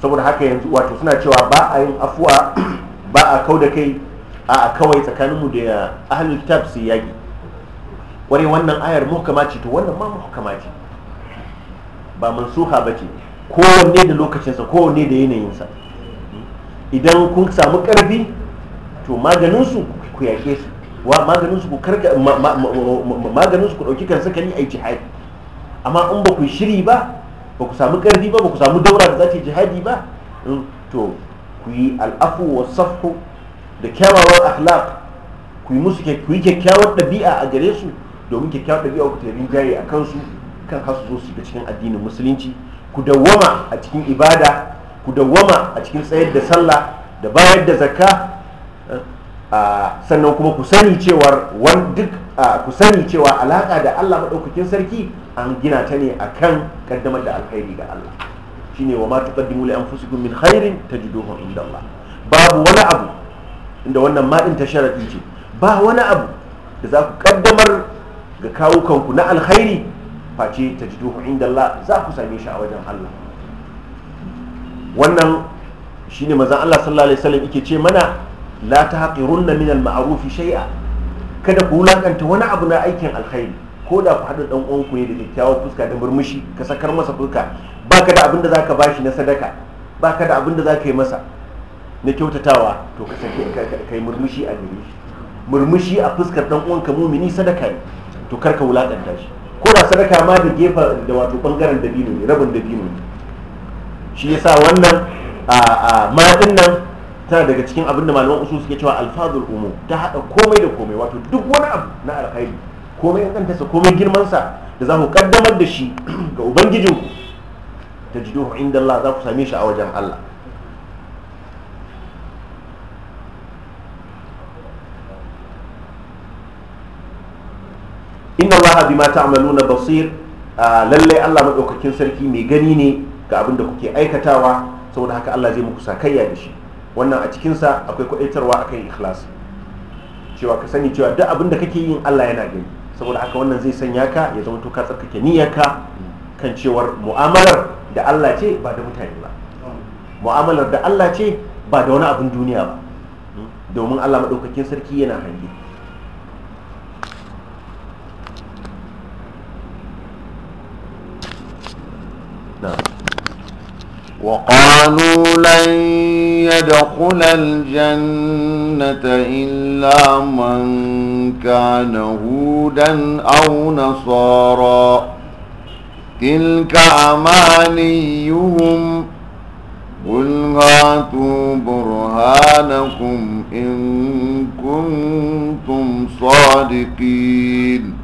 B: saboda haka yanzu wato suna cewa ba a yin afuwa ba a kauda kai a kawai tsakaninmu da ahlul kitab sai yaki wani wannan ayar muhkama ce to wannan ma muhkama ce ba mansuha ba ce kowanne da lokacinsa kowanne da yanayinsa idan kun samu ƙarfi to maganinsu ku yaƙe su wa maganinsu ku karka maganinsu ku ɗauki kan yi a yi jihadi amma in ba ku shiri ba ba ku samu ƙarfi ba ba ku samu daura da za ta yi jihadi ba to ku yi al'afu wa safu da kyawawan akhlaq ku yi musu ku yi kyakkyawar ɗabi'a a gare su domin kyakkyawar ɗabi'a ku tarihin jari a kansu dukkan hasu su zo su cikin addinin musulunci ku dawwama a cikin ibada ku dawwama a cikin tsayar da sallah da bayar da zakka eh, sannan kuma ku sani cewar duk ku sani cewa alaka da Allah maɗaukakin sarki an gina ta ne akan kaddamar da alkhairi ga Allah shine wa ma tuqaddimu li anfusikum min khairin tajiduhu inda Allah babu wani abu inda wannan ma ta sharaɗi ce ba wani abu da za ku kaddamar ga ku na alkhairi face ta ji duhu inda Allah za ku same shi a wajen Allah wannan shi ne mazan Allah sallallahu alaihi wasallam ce mana la ta haƙirunna min maarufi shay'a kada ku wulakanta wani abu na aikin alkhairi ko da ku haɗu ɗan uwanku ne da kyakkyawar fuska da murmushi ka sakar masa fuska ka da abin da zaka bashi na sadaka ka da abin da zaka yi masa na kyautatawa to ka sake ka yi murmushi a gare shi murmushi a fuskar ɗan uwanka mumini sadaka ne to kar ka wulakanta shi sadaka ma da gefa da wato bangaren dabino ne rabin dabino ne shi yasa wannan a ma din nan tana daga cikin abin da malaman usul suke cewa alfazul umu ta hada komai da komai wato duk wani abu na alkhairi komai in sa komai sa da za ku kaddamar da shi ga ubangijinku ta inda Allah za ku same shi a wajen Allah allaha bima ta'maluna basir ah, lalle Allah maɗaukakin sarki mai gani ne ga abin da kuke aikatawa saboda haka Allah zai muku sakayya da shi wannan a cikin sa akwai kwadaitarwa akan ikhlas cewa ka sani cewa duk abin da kake yin Allah yana gani saboda haka wannan zai sanya ka ya zama to ka tsarkake ka kan cewar mu'amalar da Allah ce ba da mutane ba mu'amalar da Allah ce ba da wani abin duniya ba hmm? domin Allah maɗaukakin sarki yana hange
A: وقالوا لن يدخل الجنة إلا من كان هودا أو نصارا تلك أمانيهم قل هاتوا برهانكم إن كنتم صادقين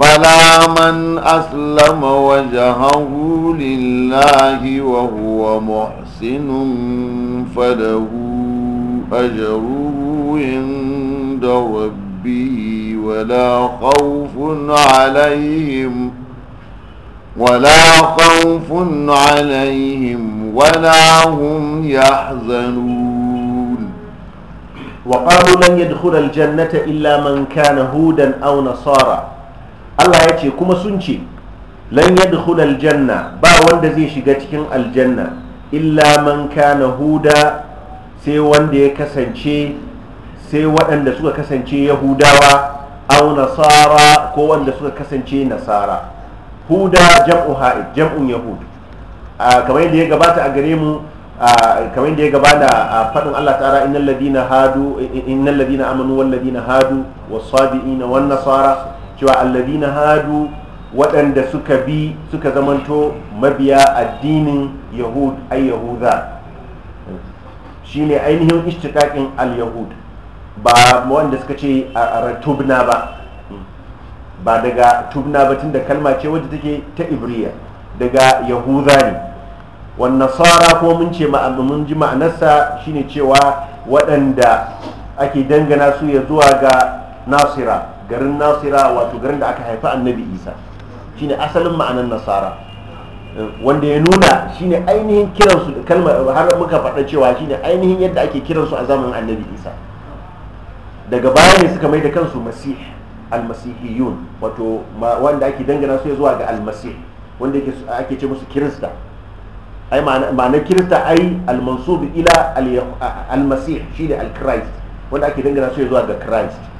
A: بلى من أسلم وجهه لله وهو محسن فله أجره عند ربه ولا خوف عليهم ولا خوف عليهم ولا هم يحزنون وقالوا لن يدخل الجنة إلا من كان
B: هودا أو نصارى Allah ya ce kuma sun ce lan yadkhul aljanna ba wanda zai shiga cikin aljanna illa man kana huda sai wanda ya kasance sai waɗanda suka kasance yahudawa au nasara ko wanda suka kasance nasara huda jam'u ha'id jam'un yahud kamar yadda ya gabata a gare mu kamar yadda ya gabata a faɗin Allah ta'ala innal ladina hadu innal ladina amanu wal ladina hadu was sabiina wan nasara cewa na hadu waɗanda suka bi suka zamanto mabiya addinin yahud ay yahuda shine ainihin ishtikakin al yahud ba wanda suka ce a tubna ba ba daga tubna ba tun da kalma ce wadda take ta ibriya daga yahuda ne wannan tsara ko mun ce mun ji ma'anarsa shine cewa waɗanda ake dangana su ya zuwa ga nasira garin nasira wato garin da aka haifi annabi isa shine asalin ma'anar nasara wanda ya nuna shine ainihin kiransu kalmar har muka faɗa cewa shine ainihin yadda ake kiransu a zamanin annabi isa daga baya ne suka mai da kansu masih almasihiyun wato wanda ake dangana su zuwa ga almasih wanda ake ce musu kirista ai ma'anar kirista ai almansub ila almasih shine Alkirist wanda ake dangana su zuwa ga christ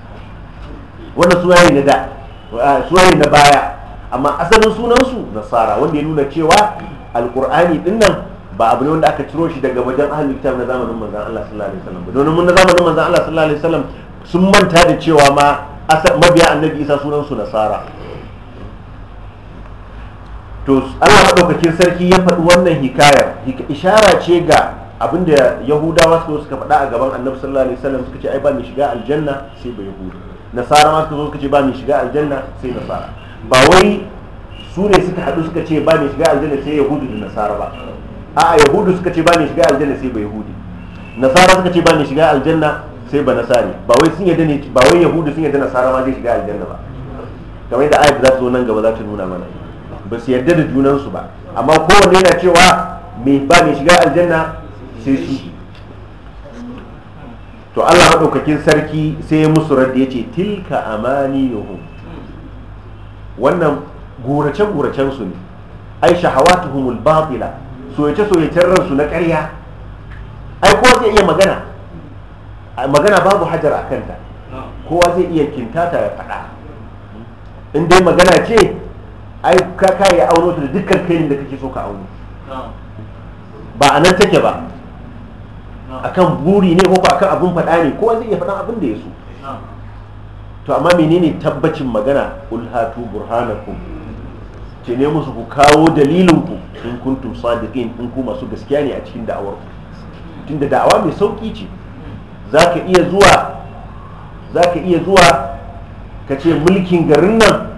B: wanda sunaye na da sunaye na baya amma asalin sunansu nasara wanda ya nuna cewa alkur'ani din nan ba abu ne wanda aka ciro shi daga wajen ahlul kitab na zamanin manzon Allah sallallahu alaihi wasallam don mun na zamanin manzon Allah sallallahu alaihi wasallam sun manta da cewa ma mabiya annabi isa sunansu nasara to Allah madaukakin sarki ya faɗi wannan hikayar ishara ce ga abinda yahudawa suka faɗa a gaban annabi sallallahu alaihi wasallam suka ce ai ba mai shiga aljanna sai ba yahudu nasara ma suka zo suka ce ba mai shiga aljanna sai nasara ba wai su ne suka haɗu suka ce ba mai shiga aljanna sai yahudu da nasara ba a'a yahudu suka ce ba mai shiga aljanna sai ba yahudi nasara suka ce ba mai shiga aljanna sai ba nasari ba wai sun yadda ne ba wai yahudu sun yadda nasara ma zai shiga aljanna ba kamar yadda ayat za ta zo nan gaba za ta nuna mana ba su yadda da junansu ba amma kowanne yana cewa mai ba mai shiga aljanna sai shi to Allah maɗaukakin sarki sai ya musu radda ya ce tilka amani yahu wannan gurace-guracen su ne ai shahawatuhumul batila soyace-soyacen ransu na ƙarya ai kowa zai iya magana magana babu hajar a kanta kowa zai iya kintata ya faɗa in dai magana ce ai ka ya auno da dukkan kailin da kake so ka auno ba a nan take ba akan buri ne ko akan abin faɗa ne kowa zai iya faɗan abin da ya so to amma menene tabbacin magana ulhatu burhanakum ce ne musu ku kawo dalilinku in kuntum sadiqin in ku masu gaskiya ne a cikin da'awar ku tunda da'awa mai sauki ce zaka iya zuwa zaka iya zuwa ka ce mulkin garin nan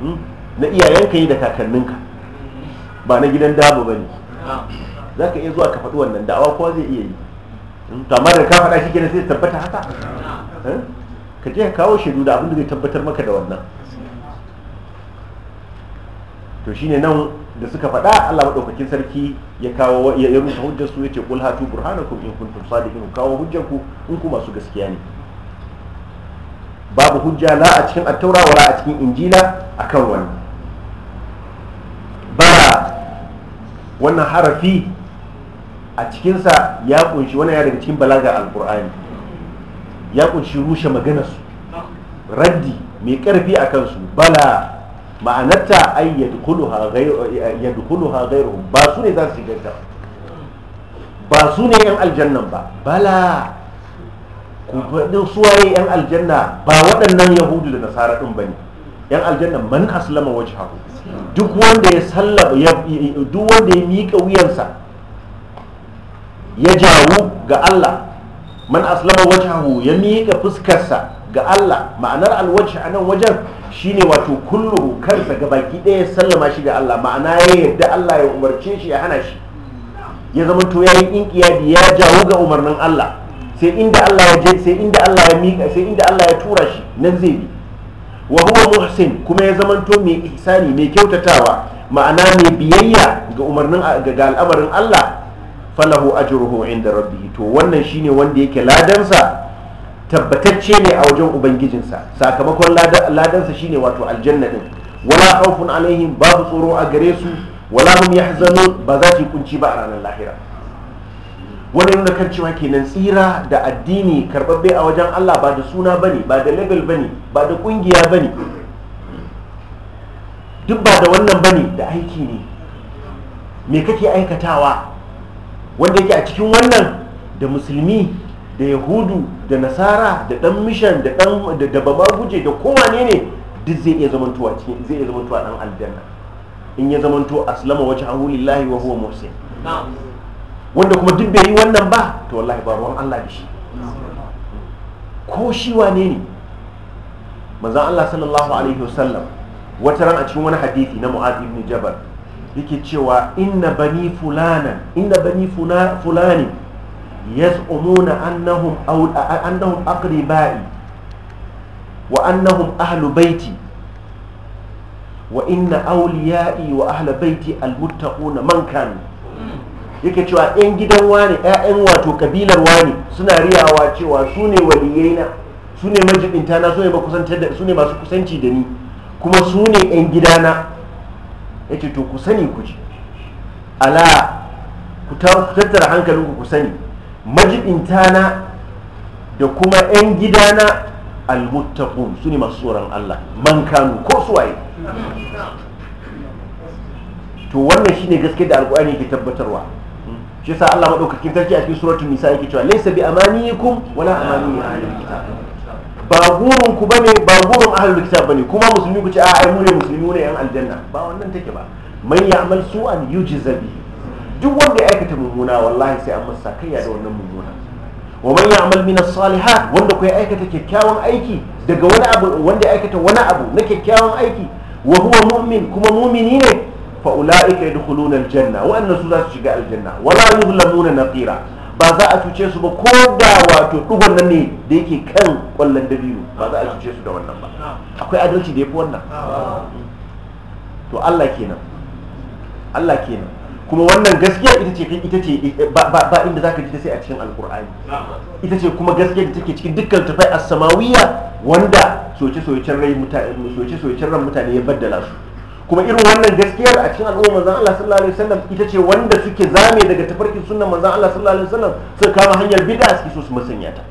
B: hmm, na iyayenka yi da kakanninka ba na gidan dabo bane. za ka iya zuwa ka faɗi wannan da'awa kowa zai iya yi hmm, to amma da ka faɗa shi gina sai tabbata haka hmm? ka je ka kawo shaidu da abin da zai tabbatar maka da wannan to shine nan da suka faɗa Allah madaukakin sarki ya kawo ya rufe hujjar su yace qul hatu burhanakum in kuntum sadiqin kawo hujjar ku in ku masu gaskiya ne babu hujja la a cikin at-taura wala a cikin injila akan wannan ba wannan harafi a cikinsa ya kunshi wani ya daga cikin balaga alkur'ani ya kunshi rushe maganarsu raddi mai karfi a kansu bala ma'anarta ai ya ha gairu ba su ne za su shigarta ba su ne yan aljannan ba bala ku faɗin suwaye yan aljanna ba waɗannan yahudu da nasara ɗin ba ne yan aljanna man aslama wajhahu duk wanda ya sallaba duk wanda ya miƙa wuyansa ya jawo ga Allah man aslama wajahu ya miƙa fuskarsa ga Allah ma'anar alwajh a nan wajen shine wato kullu kansa ga baki ɗaya sallama shi ga Allah ma'ana ya yarda Allah ya umarce shi ya hana shi ya zama to yayi inkiyadi ya jawo ga umarnin Allah sai inda Allah ya je sai inda Allah ya miƙa sai inda Allah ya tura shi nan zai bi wa huwa muhsin kuma ya zama to mai ihsani mai kyautatawa ma'ana mai biyayya ga umarnin ga al'amarin Allah falahu ajruhu inda rabbih to wannan shine wanda yake ladansa tabbatacce ne a wajen ubangijinsa sakamakon ladansa shine wato aljanna din wala khawfun alaihim babu tsoro a gare su wala hum yahzanun ba za su kunci ba a ranar lahira wani nuna kan cewa kenan tsira da addini karbabbe a wajen Allah ba da suna bane ba da label bane ba da kungiya bane duk ba da wannan bane da aiki ne me kake aikatawa wanda yake a cikin wannan da musulmi da yahudu da nasara da dan mishan da dan da daba guje da kowane ne duk zai iya zamantowa cikin zai iya zamantowa dan aljanna in ya zamanto aslama wajha lillahi wa huwa muhsin wanda kuma duk bai yi wannan ba to wallahi ba ruwan Allah da shi ko shi wane ne manzon Allah sallallahu alaihi wasallam wata ran a cikin wani hadisi na Mu'adh ibn Jabal yake cewa inna bani fulana inna bani fulani yaz'umuna annahum aw annahum aqribai wa annahum ahlu baiti wa inna awliya'i wa ahlu baiti almuttaquna man kan yake cewa yan gidan wani ƴaƴan wato kabilar wani suna riyawa cewa su ne waliyaina su ne majibinta na su ne masu kusanci da ni kuma su ne yan gidana yace to ku sani ku ji ala ku tattara hankalinku ku sani na da kuma 'yan gidana almuttaqun su ne masu tsoron Allah man kanu ko suwaye to wannan shine gaske da alƙur'ani ke tabbatarwa shi sa Allah madaukakin tarki a cikin suratul nisa yake cewa laysa bi amaniyikum wala amaniyi ahlul kitab ba gurin ku bane ba gurin ahlul kitab bane kuma musulmi ku ce a ai mu ne musulmi ne yan aljanna ba wannan take ba man ya'mal su'an yujza bi duk wanda ya aikata mummuna wallahi sai an masa kayya da wannan mummuna wa man ya'mal min as-salihat wanda ku ya aikata kyakkyawan aiki daga wani abu wanda ya aikata wani abu na kyakkyawan aiki wa huwa mu'min kuma mu'mini ne fa ulaika yadkhuluna al-janna wa annasu za su shiga aljanna wala yuzlamuna naqira ba za a cuce su ba ko da wato ɗugon nan ne da yake kan ƙwallon dabino ba za a cuce su da wannan ba akwai adalci da ya fi wannan to Allah kenan Allah kenan kuma wannan gaskiya ita ce ita ce ba inda ka ji ta sai a cikin alkur'ani ita ce kuma gaskiya da take cikin dukkan tafai as-samawiyya wanda soce-socen rai mutane soce-socen ran mutane ya baddala su kuma irin wannan gaskiyar a cikin al'umma manzon Allah sallallahu alaihi wasallam ita ce wanda suke zame daga tafarkin sunnan manzon Allah sallallahu alaihi wasallam suka kama hanyar bid'a suke so su musanya ta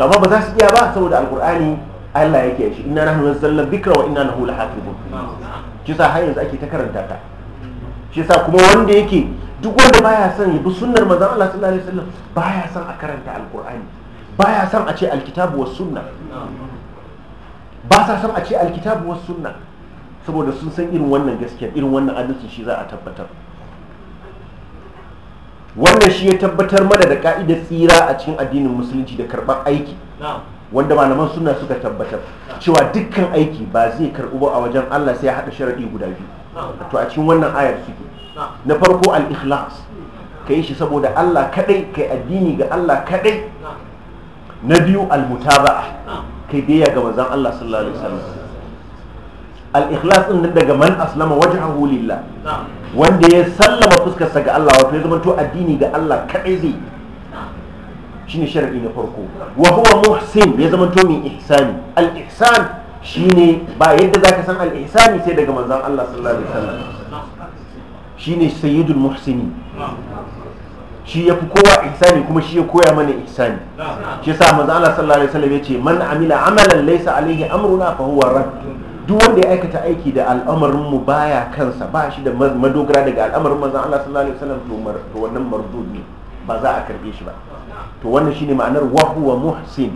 B: to amma ba za su iya ba saboda alqur'ani Allah yake shi inna nahnu nazzalna dhikra wa inna lahu lahafizun shi sa har yanzu ake ta karanta ta shi sa kuma wanda yake duk wanda baya son ya bi sunnar manzon Allah sallallahu alaihi wasallam baya son a karanta alqur'ani baya son a ce alkitabu was sunnah ba sa san a ce alkitabu wasu sunna saboda sun san irin wannan gaskiya irin wannan adalci shi za a tabbatar wannan shi ya tabbatar mana da ka'idar tsira a cikin addinin musulunci da karɓar aiki wanda malaman suna suka tabbatar cewa dukkan aiki ba zai karɓu ba a wajen Allah sai ya haɗa sharaɗi guda biyu to a cikin wannan ayar suke na farko al-ikhlas ka yi shi saboda Allah kaɗai ka yi addini ga Allah kaɗai na biyu al-mutaba'a kai biyayya ga manzon Allah sallallahu alaihi wasallam al-ikhlas din daga man aslama wajhahu lillah wanda ya sallama fuskarsa ga Allah wato ya zama to addini ga Allah kadai zai shine sharadi na farko wa huwa muhsin ya zama to mai ihsani al-ihsan shine ba yadda zaka san al-ihsani sai daga manzon Allah sallallahu alaihi wasallam shine sayyidul muhsini shi ya fi kowa ihsani kuma shi ya koya mana ihsani shi yasa manzo Allah sallallahu alaihi wasallam yace man amila amalan laysa alaihi amruna fa huwa rad duk wanda ya aikata aiki da al'amarin mu baya kansa ba shi da madogara daga al'amarin manzo Allah sallallahu alaihi wasallam to wannan mardud ne ba za a karbe shi ba to wannan shine ma'anar wa huwa muhsin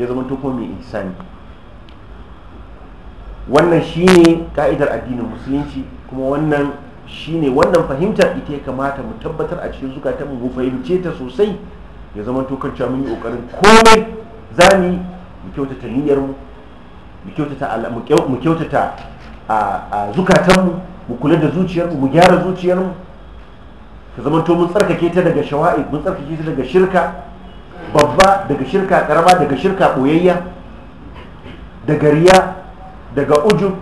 B: ya zama to kuma mai ihsani wannan shine ka'idar addinin musulunci kuma wannan shine wannan fahimtar ita ya kamata mu tabbatar a cikin zukatanmu mu fahimce ta sosai ya zama tokar cewa mun yi kokarin komai za mu kyautata niyyar mu mu kyautata mu kyautata a zukatanmu mu kula da zuciyarmu mu gyara zuciyarmu ka zama to mun tsarkake ta daga shawa'i mun tsarkake ta daga shirka babba daga shirka karama daga shirka boyayya daga riya daga ujub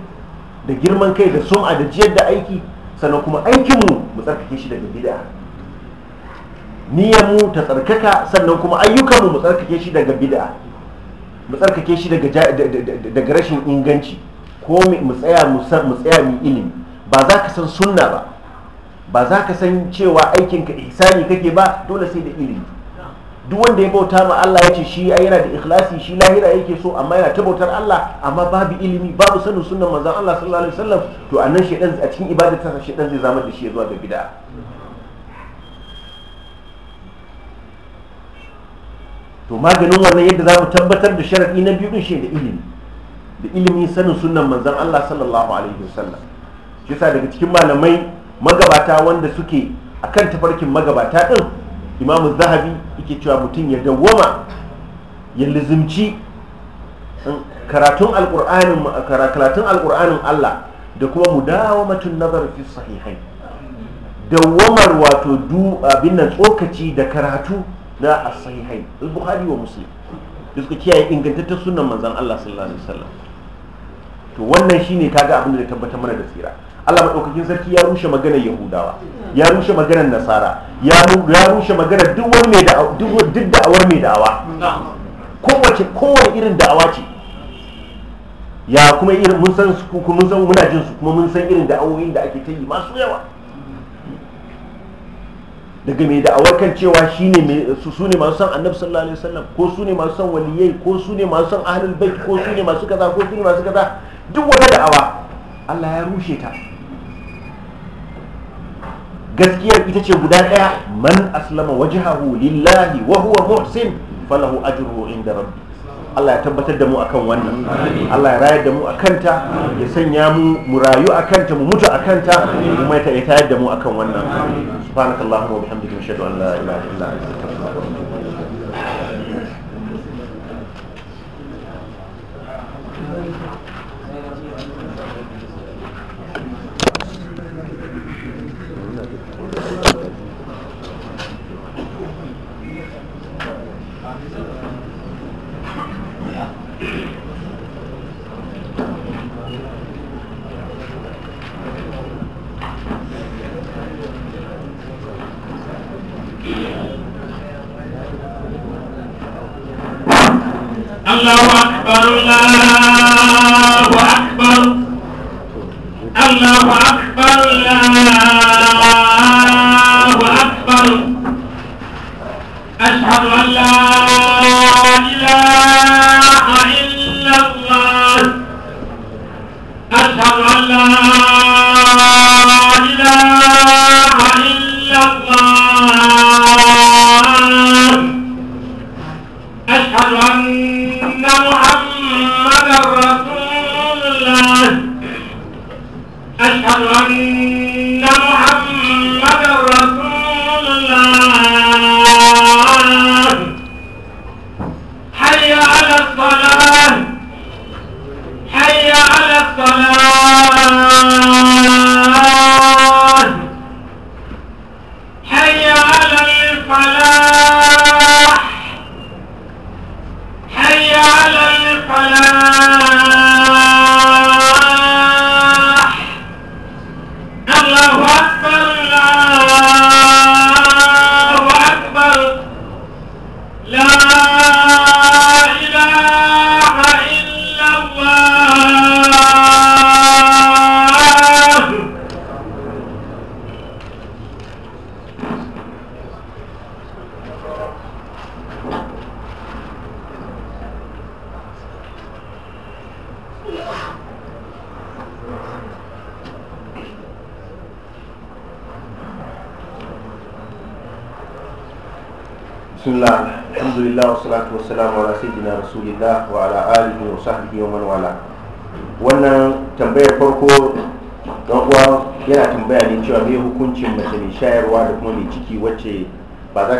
B: da girman kai da sum'a da jiyar da aiki sannan kuma aikinmu mu tsarkake shi daga bid'a niyyarmu ta tsarkaka sannan kuma ayyukanmu mu tsarkake shi daga bid'a mu tsarkake shi daga rashin inganci ko mu tsaya mu tsaya mu ilimi ba za ka san sunna ba ba za ka san cewa aikinka ihsani kake ba dole sai da ilimi duk wanda ya bauta ma Allah ya ce shi ya yana da ikhlasi shi lahira yake so amma yana ta bautar Allah amma babu ilimi babu sanin sunnan manzon Allah sallallahu alaihi wasallam to annan shedan a cikin ibadar ta shedan zai zama da shi zuwa ga bid'a to maganin wannan yadda za mu tabbatar da sharadi na biyu din shi da ilimi da ilimi sanin sunnan manzon Allah sallallahu alaihi wasallam shi yasa daga cikin malamai magabata wanda suke akan tafarkin magabata din imamu zahabi yake cewa mutum ya dawoma ya lizimci mm, karatun alƙur'anin alƙur'anin Allah da kuma mudawamatin nazar fi sahihai dawwamar wato du abin nan tsokaci da karatu na as-sahihai al-bukhari wa muslim da suka kiyaye ingantattun sunan manzon Allah sallallahu alaihi wasallam to wannan shine kaga abin da tabbatar mana da tsira Allah madaukakin sarki ya rushe maganar Yahudawa ya rushe maganar Nasara ya rushe maganar duk wani mai da'awa duk da'awar mai da'awa kowace kowace irin da'awa ce ya kuma irin mun san su kuma mun san muna jin su kuma mun san irin da'awoyin da ake ta yi masu yawa daga mai da'awar kan cewa shine su sune masu san annabi sallallahu alaihi wasallam ko sune masu san waliyai ko sune masu san ahlul bait ko sune masu kaza ko sune masu kaza duk wata da'awa Allah ya rushe ta gaskiyar ita ce guda ɗaya man aslama wajahahu lillahi wa huwa muhsin falahu ajruhu inda rabbi Allah ya tabbatar da mu akan wannan Allah ya rayar da mu akan ta ya sanya mu mu rayu akan ta mu mutu akan ta kuma ya tayar da mu akan wannan subhanakallahumma wa bihamdika ashhadu an la ilaha
A: illa anta
C: الله أكبر الله أكبر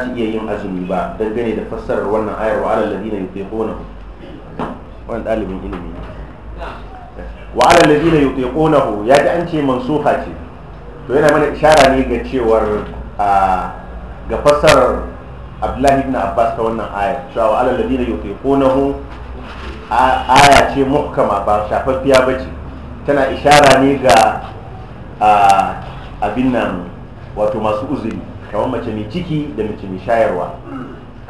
B: ci iya yin azumi ba dangane da fassarar wannan ayar wa alal ladina yutiquna wannan dalibin ilimi wa alal ladina yutiquna ya ji an ce mansuha ce to yana mana ishara ne ga cewar ga fassarar Abdullahi ibn Abbas ta wannan ayar cewa wa alal ladina yutiquna aya ce muhkama ba shafaffiya ba ce tana ishara ne ga abin nan wato masu uzuri kamar mace mai ciki da mace mai shayarwa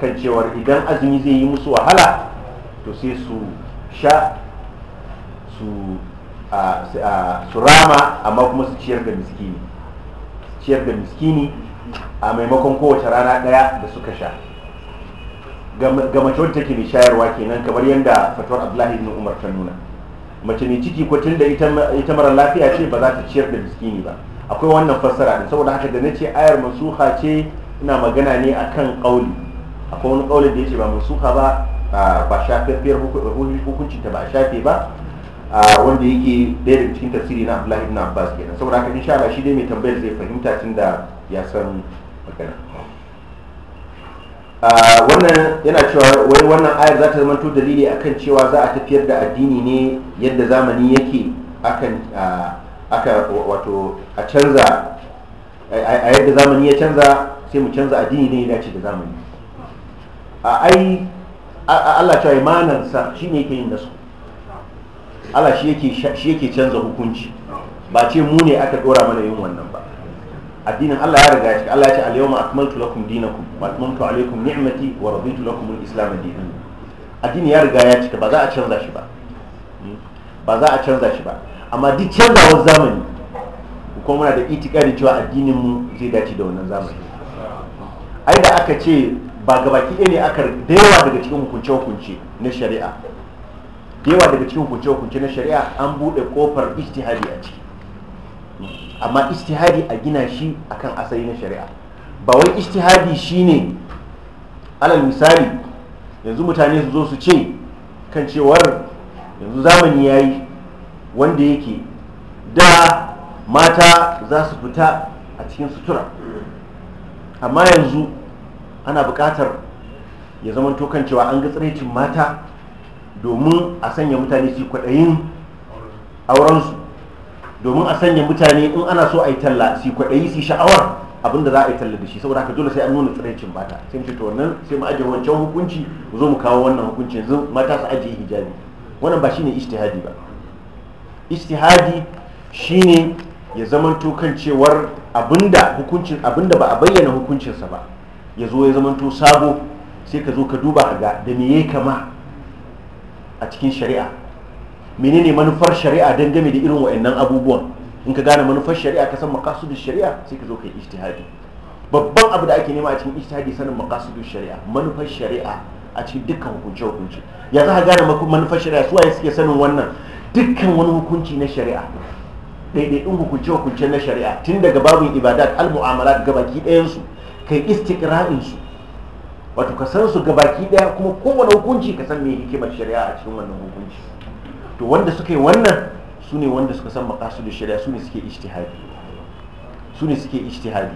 B: kan cewar idan azumi zai yi musu wahala to sai su sha su su rama amma kuma su ciyar da miskini ciyar da miskini a maimakon kowace rana daya da suka sha ga mace wadda take mai shayarwa kenan kamar yadda fatuwar abdullahi ibn umar ta nuna mace mai ciki ko tun da ita mara lafiya ce ba za ta ciyar da miskini ba akwai wannan fassara din saboda haka da nace ayar mansuha ce ina magana ne akan kauli akwai wani kauli da yace ba mansuha ba ba shafafiyar hukunci ta ba shafe ba wanda yake daya daga cikin tafsiri na Abdullahi ibn Abbas kenan saboda haka insha Allah shi dai mai tambayar zai fahimta tunda ya san magana wannan yana cewa wai wannan ayar za ta zamanto dalili akan cewa za a tafiyar da addini ne yadda zamani yake akan aka wato a canza a yadda zamani ya canza sai mu canza addini ne ya dace da zamani a ai Allah cewa imanansa shi ne yake yin su Allah shi yake canza hukunci ba ce mu ne aka dora mana yin wannan ba addinin Allah ya riga shi Allah ya ce al-yawma akmaltu lakum dinakum wa atmamtu alaykum ni'mati wa raditu lakum al-islam dinan addini ya riga ya cika ba za a canza shi ba hmm? ba za a canza shi ba amma duk canzawar zamani kuma muna da itikari cewa addininmu zai dace da wannan zamani ai da aka ce ba gabaki ɗaya ne aka da yawa daga cikin hukunce hukunce na shari'a da daga cikin hukunce hukunce na shari'a an buɗe kofar ijtihadi a ciki amma ijtihadi a gina shi akan asali na shari'a ba wai shi shine alal misali yanzu mutane su zo su ce kan cewar yanzu zamani yayi wanda yake da mata za su fita a cikin sutura amma yanzu ana buƙatar ya zama tokan cewa an ga tsiraicin mata domin a sanya mutane su kwaɗayin aurensu domin a sanya mutane in ana so a yi talla su kwaɗayi su sha'awar abinda za a yi talla da shi saboda haka dole sai an nuna tsiraicin mata sai mu wannan sai mu ajiye wancan hukunci mu zo mu kawo wannan hukunci yanzu mata su ajiye hijabi wannan ba shine ijtihadi ba istihadi shine ya zamanto kan cewar abinda hukuncin abinda ba a bayyana hukuncinsa ba ya zo ya zamanto sabo sai ka zo ka duba ga da me ya kama a cikin shari'a menene manufar shari'a don game da irin wa'annan abubuwan in ka gane manufar shari'a ka san makasudin shari'a sai ka zo ka yi ijtihadi babban abu da ake nema a cikin ijtihadi sanin makasudin shari'a manufar shari'a a cikin dukkan hukunce hukunce ya za ka gane manufar shari'a su suke sanin wannan dukkan wani hukunci na shari'a ɗaiɗaiɗin hukunce-hukunce na shari'a tun daga babin ibadat al-mu'amalat gabaki ɗayansu kai istiqra'in su wato ka san su gabaki ɗaya kuma kowane hukunci ka san me hikimar shari'a a cikin wannan hukunci to wanda suka yi wannan su ne wanda suka san da shari'a su ne suke ijtihadi su ne suke ijtihadi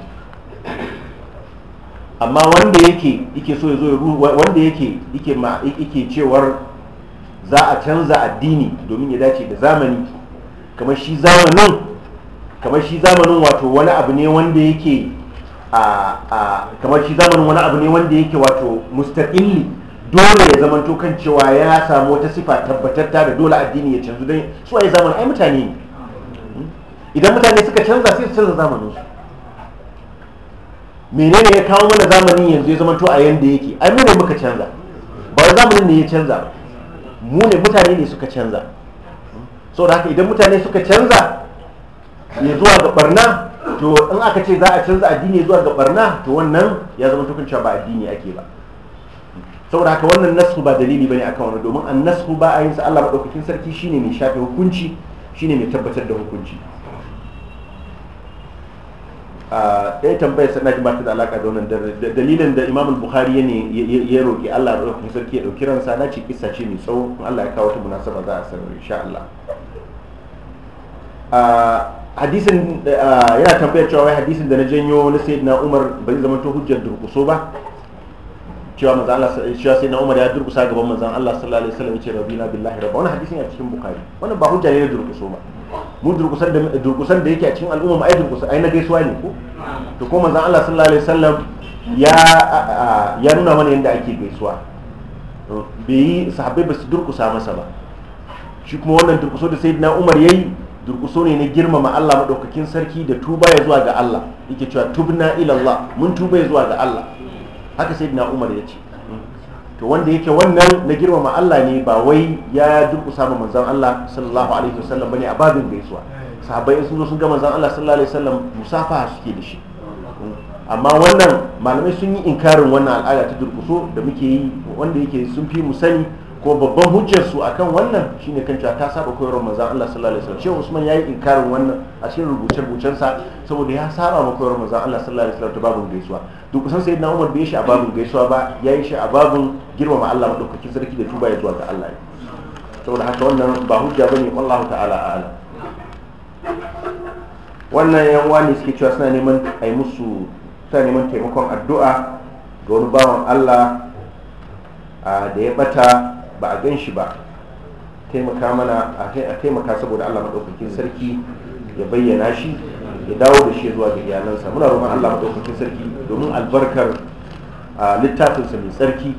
B: amma wanda yake yake so ya zo ya wanda yake yake yake cewar za a canza addini domin ya dace da zamani kamar shi zamanin kamar shi zamanin wato wani abu ne wanda yake a kamar shi zamanin wani abu ne wanda yake wato mustaqilli dole ya to kan cewa ya samu wata sifa tabbatatta da dole addini ya canzu don su ai zamanin ai mutane ne idan mutane suka canza sai su canza zamaninsu menene ya kawo mana zamanin yanzu ya to a yanda yake ai mu muka canza ba zamanin ne ya canza ba mu mutane ne suka canza so da haka idan mutane suka canza ya zuwa ga barna to in aka ce za a canza addini zuwa ga barna to wannan ya zama tukuncewa ba addini ake ba saboda haka wannan nasu ba dalili bane akan wani domin an nasu ba a yin sa Allah madaukakin sarki shine mai shafi hukunci shine mai tabbatar da hukunci Ah, ɗaya tambayar sana ba mata da alaka da wannan dalilin da imam bukhari ne ya roƙi allah da ɗauki sarki ya ɗauki ransa na ce kisa ce mai tsawo in allah ya kawo ta munasaba za a sanar insha allah ah, hadisin ah, yana tambayar cewa wai hadisin da na janyo na sayyidina umar bai zama to hujjar durkuso ba cewa manzon allah cewa sayyidina umar ya durkusa gaban manzon allah sallallahu alaihi wasallam ya ce rabbina billahi rabba wannan hadisin a cikin bukhari wannan ba hujja ne na durkuso ba mu durkusan da durkusan da yake a cikin al'umma mu durkusa ai na gaisuwa ne ko to ko manzon Allah sallallahu alaihi wasallam ya ya nuna mana yadda ake gaisuwa bai yi sahabbai ba su durkusa masa ba shi kuma wannan durkuso da sayyidina Umar yayi durkuso ne na girmama Allah madaukakin sarki da tuba ya zuwa ga Allah yake cewa tubna ila Allah mun tuba ya zuwa ga Allah haka sayyidina Umar ya ce to wanda yake wannan na girmama Allah ne ba wai ya duk ma manzon Allah sallallahu alaihi wasallam bane a babin gaisuwa sahabbai sun zo sun ga manzon Allah sallallahu alaihi wasallam musafaha suke da shi amma wannan malamai sun yi inkarin wannan al'ada ta durkuso da muke yi wanda yake sun fi mu sani ko babban hujjar su akan wannan shine kan cewa ta saba koyarwar manzon Allah sallallahu alaihi wasallam Shehu Usman yayi inkarin wannan a cikin rubuce-rubucen sa saboda ya saba ma koyarwar manzon Allah sallallahu alaihi wasallam ta babin gaisuwa duk san sai na umar bai shi a babin gaisuwa ba ya yi shi a babun girmama allah maɗaukakin sarki da tuba ya zuwa ga allah saboda haka wannan ba hujja bane wallahu ta'ala a'ala wannan yan wani suke cewa suna neman a yi musu suna neman taimakon addu'a ga wani bawan allah da ya bata ba a gan shi ba taimaka mana a taimaka saboda allah maɗaukakin sarki ya bayyana shi ya dawo da shi zuwa ga iyalansa muna roƙon Allah madaukakin sarki domin albarkar littafinsa mai tsarki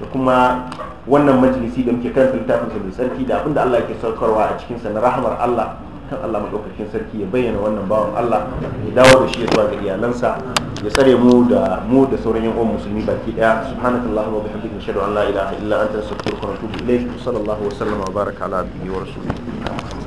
B: da kuma wannan majalisi da muke kan littafinsa mai tsarki da abinda Allah ke saukarwa a cikinsa na rahamar Allah kan Allah madaukakin sarki ya bayyana wannan bawan Allah ya dawo da shi zuwa ga iyalansa ya tsare mu da mu da sauran yan uwan musulmi baki daya subhanakallahu wa bihamdika ashhadu an la ilaha illa anta astaghfiruka wa atubu ilayk sallallahu wa sallama wa baraka ala abdihi wa rasulihi